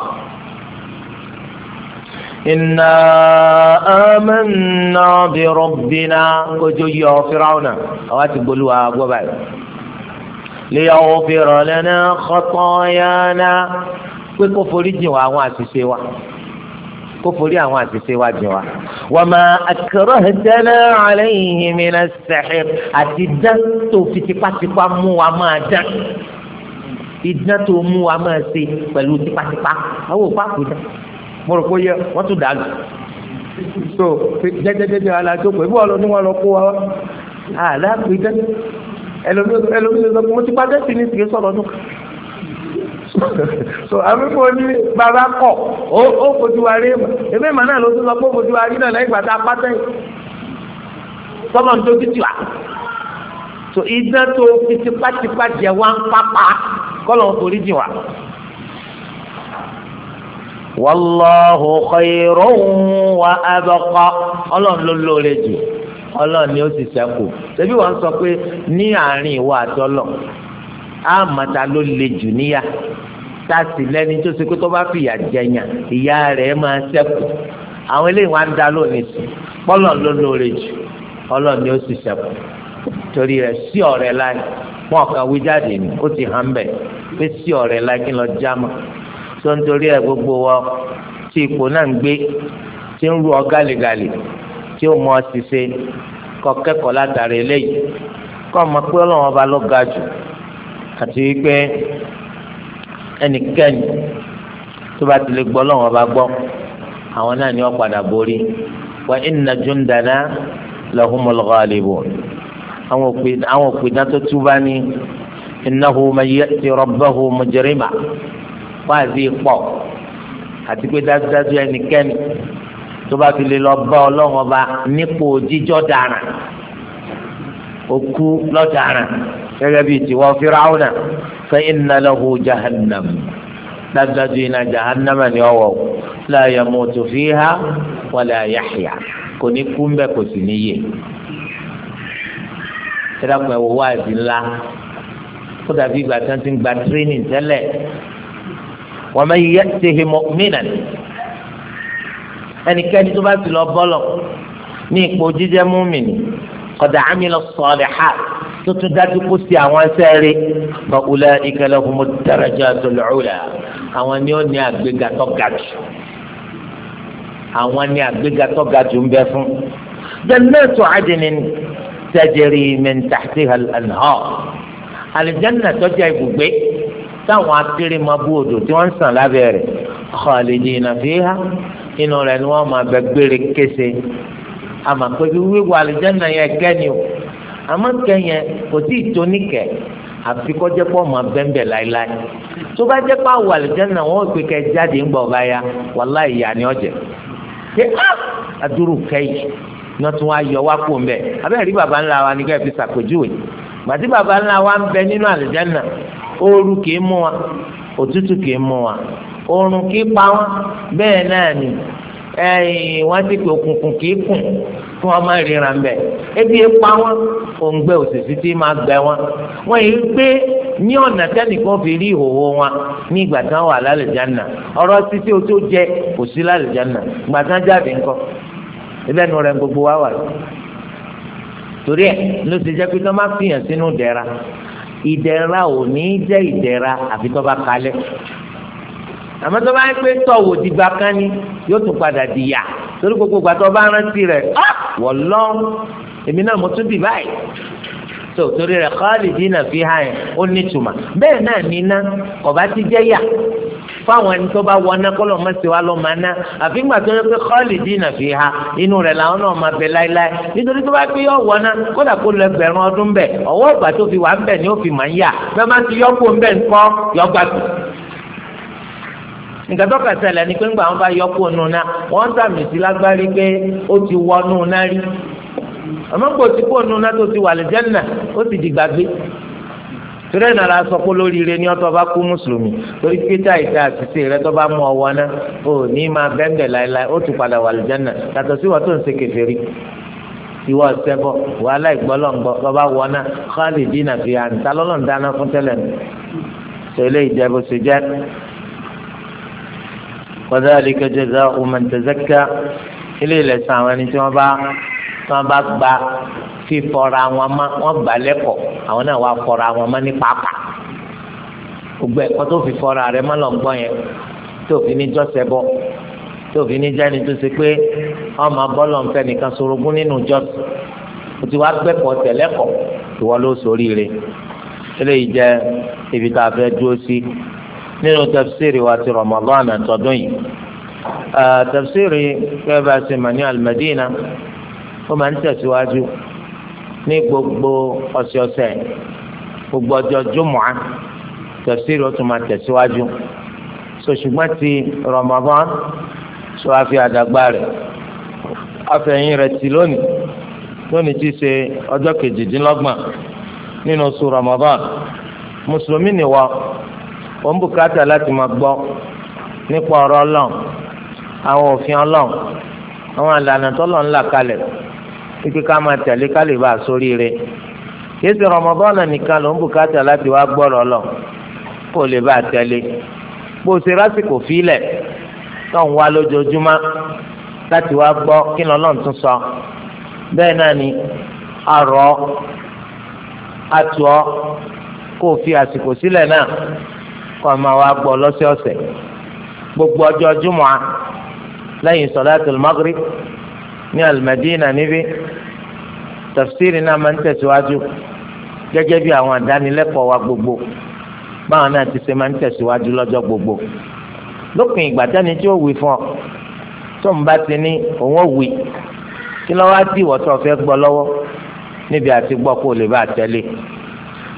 Inna amanna bi rabbina kojú yọ Firauna àwa ti ليغفر لنا خطايانا pé kó forí jìn wá àwọn àṣìṣe wa kó forí àwọn àṣìṣe wa jìn wá. wàmà akrahtana alayhi minas sihir àti dán tó fi tipátipá mú wa máa dán ìdán tó mú wa máa ṣe pẹ̀lú tipátipá àwọn òpá kò dán mo rò pé yẹ wọ́n tún dànù so jẹ́jẹ́jẹ́jẹ́ alájọ pé bí wọ́n lọ kó wa wá àlá kò ẹlòmílẹ̀ sọ mo ti pàdé sí ní ìsìnkú so àbíkú oní bàbá kọ̀ ó fojú wa rí mà èmi mà náà ló tún lọ pé ó fojú wa rí náà lẹ́yìn ìgbà tá a pátẹ́ sọ́mọ́ tó títì wá so iná tó fi tipátipá jẹ wá ń pápá kọ́lọ̀ ń forí jìn wá. wallahu khayrun wa abqa ọlọ́run ló lóore jù ọlọ́run ni ó sì sẹ́kù ṣebí wọ́n sọ pé ní àárín ìwọ àtọ́lọ̀ àmọ́ta ló le jù níyà tá a sì lẹ́ni tó ṣe pé tó bá fìyà jẹyàn ìyá rẹ̀ máa sẹ́kù àwọn eléyìí wọn á dá lónìí sí pọ́lọ̀ ló lóore jù ọlọ́run ni ó sì sẹ́kù torí rẹ̀ sí ọ̀rẹ́ láì wọn kà wí ni ó ti hàn bẹ́ẹ̀ pé sí ọ̀rẹ́ láì kí n lọ já mọ́ tó ń torí ẹ̀ gbogbo wa tí ipò náà ń gbé tí ń ru ọ tí ó mọ ṣiṣe kọ kẹ́kọ̀ọ́ látàrí eléyìí kọ mọ pé Ọlọ́run ọba ló ga jù àti wípé ẹnikẹ́ni tó bá ti lè gbọ́ Ọlọ́run ọba gbọ́ àwọn náà ni wọ́n padà borí wa inna jundana lahumul ghalibun àwọn òpìdá tó túbá ní innahu man ya'ti rabbahu mujrima wáàzí pọ̀ àti pé dájúdájú ẹnikẹ́ni tó bá fi lè lọ bá ọlọ́run ọba nípò jíjọ́ dára òkú lọ́tàrà gẹ́gẹ́ bíi tiwọ́ firawuna fa inna lahu jahannam dájúdájú iná jahannama ni ọwọ́ la yamutu fiha wala yahya kò ní kú mbẹ kò sì ní yè sẹ́dàpọ̀ ẹ̀wọ̀ wá ẹ̀sìn ńlá kó dàbí ìgbà tí wọ́n ti ń gba tírénìn tẹ́lẹ̀ wa man ya'tihi mu'minan ẹnikẹ́ni tó bá sì lọ bọ́lọ̀ ní ipò jíjẹ́ múmìnì kọ̀dà amila salihat tó tún dájú kó sí àwọn ẹsẹ̀ rí fa ulaika lahumu darajatul ula àwọn ni ó ní àgbéga tó ga jù àwọn ni àgbéga tó ga jù ń bẹ fún. jannatu adnin tajri min tahtiha al-anhar ibùgbé táwọn akéré máa bú odò tí wọ́n ń sàn lábẹ́ rẹ̀ khalidina fiha inú rẹ̀ ni wọ́n máa bẹ gbére kése wíwá àlùjáná yẹn o àmọ́ kẹ́yẹn kò tí ì tó níkẹ́ àfi kọjá pọ̀ mọ́ láéláé tó bá jẹ́ pé àwọn àlùjáná wọn ò pè kẹ́ jáde ń bọ̀ wàhálà ìyá ni ọjẹ ṣé ah! baba ńlá wa fi baba ńlá wa ń bẹ nínú àlùjáná ooru kì í mú wa òtútù oorun kì í pa wọn bẹ́ẹ̀ náà ni ẹ̀yìn wọn ti pè òkùnkùn kì í kùn kí wọn máa ríra ń bẹ ebi yẹn e pa wọn òǹgbẹ òṣèṣì tí máa gbẹ wọn wọn yìí gbé ní ọ̀nà tẹ́nìkan fi rí ìhòòhò wọn ní ìgbà tí wọn wà lálẹ́jánà ọ̀rọ̀ títí o tó jẹ kò sí lálẹ́jánà ìgbà tí wọn jáde ńkọ́ ibẹ̀ nu rẹ̀ gbogbo wa wà torí ẹ̀ ló ti jẹ́ pé tí wọ́n máa fìyàn sínú ìdẹ̀ra ìdẹ̀ra ò ní jẹ́ ìdẹ̀ra àfi tó bá kalẹ̀ àmọ́ tó bá ń pé tọ̀wò dìgbà kan ni yóò tún padà di yà torí gbogbo ìgbà tó bá rántí rẹ̀ ah, wọ̀lọ́ èmi náà mo tún dì báyìí tó torí rẹ̀ khalidina fiha yẹn ó ní tùmà bẹ́ẹ̀ náà níná ọ̀bá ti jẹ́ yà fáwọn ẹni tó bá wọná kọlọ mọ sí wa lọ máa ná àfi ńgbà tó yẹ pé khalidina fiha inú rẹ̀ làwọn náà máa bẹ láéláé nítorí tó bá pé yọ wọná kódà kó lọ ẹgbẹ̀rún ọdún bẹ ọwọ́ ìgbà tó fi wà ń bẹ ni ó fi máa ń yà bẹ́ẹ̀ má ti yọ nǹkan tó kàn ṣẹlẹ̀ ni pé ńgbà wọn bá yọ kó nù náà wọ́n sàmì sí lágbárí pé ó ti wọnú náà rí àmọ́ kò tí kó nù náà tó ti wà lẹ́jẹ̀nà ó sì di gbàgbé torí ẹ̀ nàrà sọ pé lóríire ni ọtọ́ bá kú mùsùlùmí torí pété àìsí àtìsí rẹ tó bá mú ọwọ́ náà ò ní máa bẹ́ńbẹ̀ láéláé ó ti padà wà lẹ́jẹ̀nà yàtọ̀ sí wọ́n tó ń ṣe kèfèrí ìwọ ọsẹbọ wàhálà ìgbọlọgbọ bàbá wọnà khalidina fi hàn ta lọlọ ń dáná fún tẹlẹ ní. sọ eléyìí jẹ bó ṣe jẹ. وذلك جزاء من تزكى ilé ìlẹsìn àwọn ẹni tí wọn bá wọn bá gba fífọra wọn má wọn gbà lẹ́kọ̀ọ́ àwọn náà wà fọra wọn má ní pàápà gbogbo ẹ̀kọ́ tó fi fọra rẹ̀ má lọ gbọ́ yẹn tó fi ní jọsẹ bọ tó fi ní jẹni tó ṣe pé ọmọ bọlọ ń fẹ́ nìkan sorogún nínú jọsẹ o ti wá gbẹkọ tẹlẹkọ ìwọ ló sóríire eléyìí jẹ ibi tá a fẹ́ dúró sí nínú tafsiri wa ti Ramadan àtọ̀dún yìí tafsiri kẹ́ẹ́ bá ṣe mà ní Al-Madina ó máa ń tẹ̀síwájú ní gbogbo ọ̀sẹ̀ọ̀sẹ̀ gbogbo ọjọ́ jùmọ̀á tafsiri ó tún máa tẹ̀síwájú so ṣùgbọ́n ti Ramadan so a fi àdàgbà rẹ̀ afẹ́yìn rẹ̀ ti lónìí lónìí ti ṣe ọjọ́ kejìdínlọ́gbọ̀n nínú oṣù Ramadan mùsùlùmí ni wọ́n ó ń bùkátà láti máa gbọ́ nípa ọ̀rọ̀ ọlọ́run àwọn òfin ọlọ́run àwọn àlànà tọ́lọ́run là kalẹ̀ kíkí ká máa tẹ̀lé ká lè bá a sórí rẹ̀ yéésì rọmọbọ́ọ̀nà nìkan ló ń bùkátà láti wá gbọ́rọ̀ ọlọ́run kó lè bá a tẹ̀lé bó o ṣe rásìkò fílẹ̀ tó ń wá lójoojúmọ́ láti wá gbọ́ kí ni ọlọ́run tún sọ bẹ́ẹ̀ náà ni àrọ́ àtọ́ kó fi àsìkò sílẹ̀ náà kọ́ ọ máa wá gbọ́ lọ́sọ̀ọ̀sẹ̀ gbogbo ọjọ́ júmọ̀ á lẹ́yìn sọ̀láàtì Maghrib ní Al-Madina níbí tafsiri náà máa ń tẹ̀síwájú gẹ́gẹ́ bí àwọn àdánilẹ́kọ̀ọ́ wa gbogbo báwọn náà ti ṣe máa ń tẹ̀síwájú lọ́jọ́ gbogbo lópin ìgbà tẹ́ni tí ó wí fún ọ tó ń bá ti ní òun ò wí kí lọ́wọ́ á dì wọ́n tó fẹ́ gbọ́ lọ́wọ́ níbi àti gbọ́ kó lè bá a tẹ́lẹ̀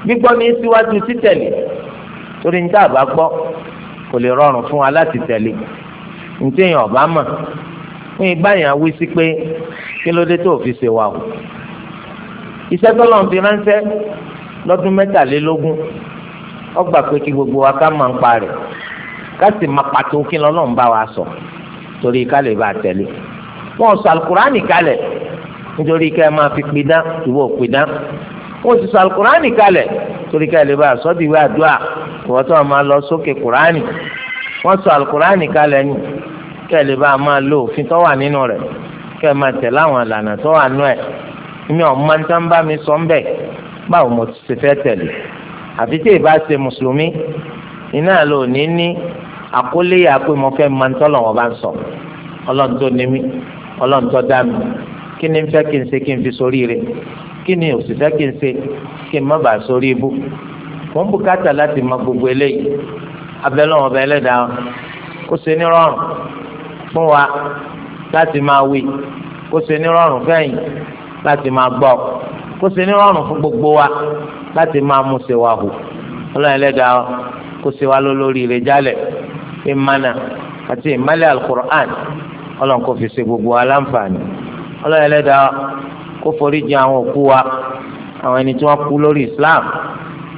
gbígbọ́ ní síwájú títẹ̀lé torí ní tá a bá gbọ́ kò lè rọrùn fún wa láti tẹ̀lé ní tí èèyàn ọ̀bá mọ̀ fún ìbáyàn wí sí pé kí ló dé tó fi ṣe wà o iṣẹ́ tọ́lọ̀ ń fi ránṣẹ́ lọ́dún mẹ́tàlélógún ó pé kí gbogbo wa ká máa ń pa rẹ̀ ká sì máa pàtó kí lọ́lọ́run bá wa sọ torí ká lè bá a tẹ̀lé wọn sọ alukurani kalẹ̀ nítorí ká máa fi pidán ìwọ pidán wọ́n ti sọ alukurani kalẹ̀ torí ká lè bá aṣọ di ìwé àdúrà ìwọ́n tó máa lọ sókè kurani wọ́n sọ alukurani kalẹ̀ ni ká lè bá máa lo òfin tó wà nínú rẹ̀ ká máa tẹ̀lé àwọn ìlànà tó wà nínú ẹ̀ mi ò máa ń tán bá mi sọ ń bẹ̀ báwo mo ti fẹ́ tẹ̀lé àfi tí ìbá ṣe mùsùlùmí iná ló ní ní àkólé yà pé mo fẹ́ máa ń tọ́lọ̀ wọn bá ń sọ ọlọ́run ní mí ọlọ́run dá mi kí ni n fẹ́ kí n ṣe kí n fi sórí rẹ̀ kí ni òsì fẹ́ kí n ṣe kí n má bàa sórí ibú mo ń bùkátà láti mọ gbogbo eléyìí abẹ́lẹ́ wọn ọba ẹlẹ́dàá kó ṣe ní rọrùn fún wa láti máa wí kó ṣe ní rọrùn fẹ́yìn láti máa gbọ́ kó ṣe ní rọrùn fún gbogbo wa láti máa mú ṣe wa hù ọlọ́run ẹlẹ́dàá kó ṣe wa lólórí rẹ̀ jálẹ̀ ìmánà àti ìmálẹ̀ alukur'an ọlọ́run kò fi ṣe gbogbo aláǹfààní ọlọ́yẹ lẹ́dàá kó forí jì àwọn òkú wa àwọn ẹni tí wọ́n kú lórí islam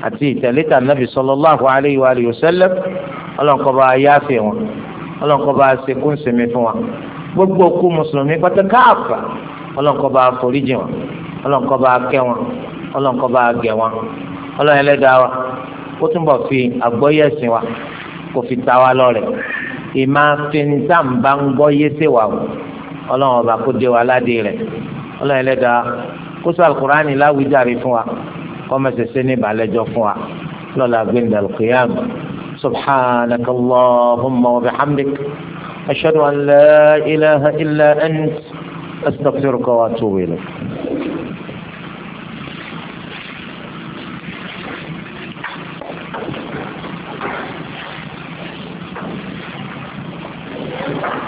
àti ìtẹ̀lẹ́tà nàbì sallallahu alayhi wa alihi wa sallam ọlọ́nkọ́ba ayáfẹ́ wọn ọlọ́nkọ́ba sekún sinmi fún wa gbogbo òkú mùsùlùmí pátákáàfà ọlọ́nkọ́ba foríjì wọn ọlọ́nkọ́ba akẹ́ wọn ọlọ́nkọ́ba agẹ̀ wọn ọlọ́yẹ lẹ́dàá wa kó túnbọ̀ fi àgbọ́yé ẹ̀sìn wa kó fi ta wa lọ́rẹ̀ ìmáfin tá à ń bá ń gbọ́ yé sèwà ọlọ́run ọba kó dé wa aládé rẹ̀ ọlọ́run ẹlẹ́dàá kó sọ alukurani láwùjáre fún wa kọ́ kọ́mẹ́sẹsẹ ní ìbàlẹ́jọ́ fún wa lọ́la gbẹ̀ndà lùkìyàm subhanaka allahumma wa bihamdik ashadu an la ilaha illa ant astaghfiruka wa atubu ilayk. Thank you.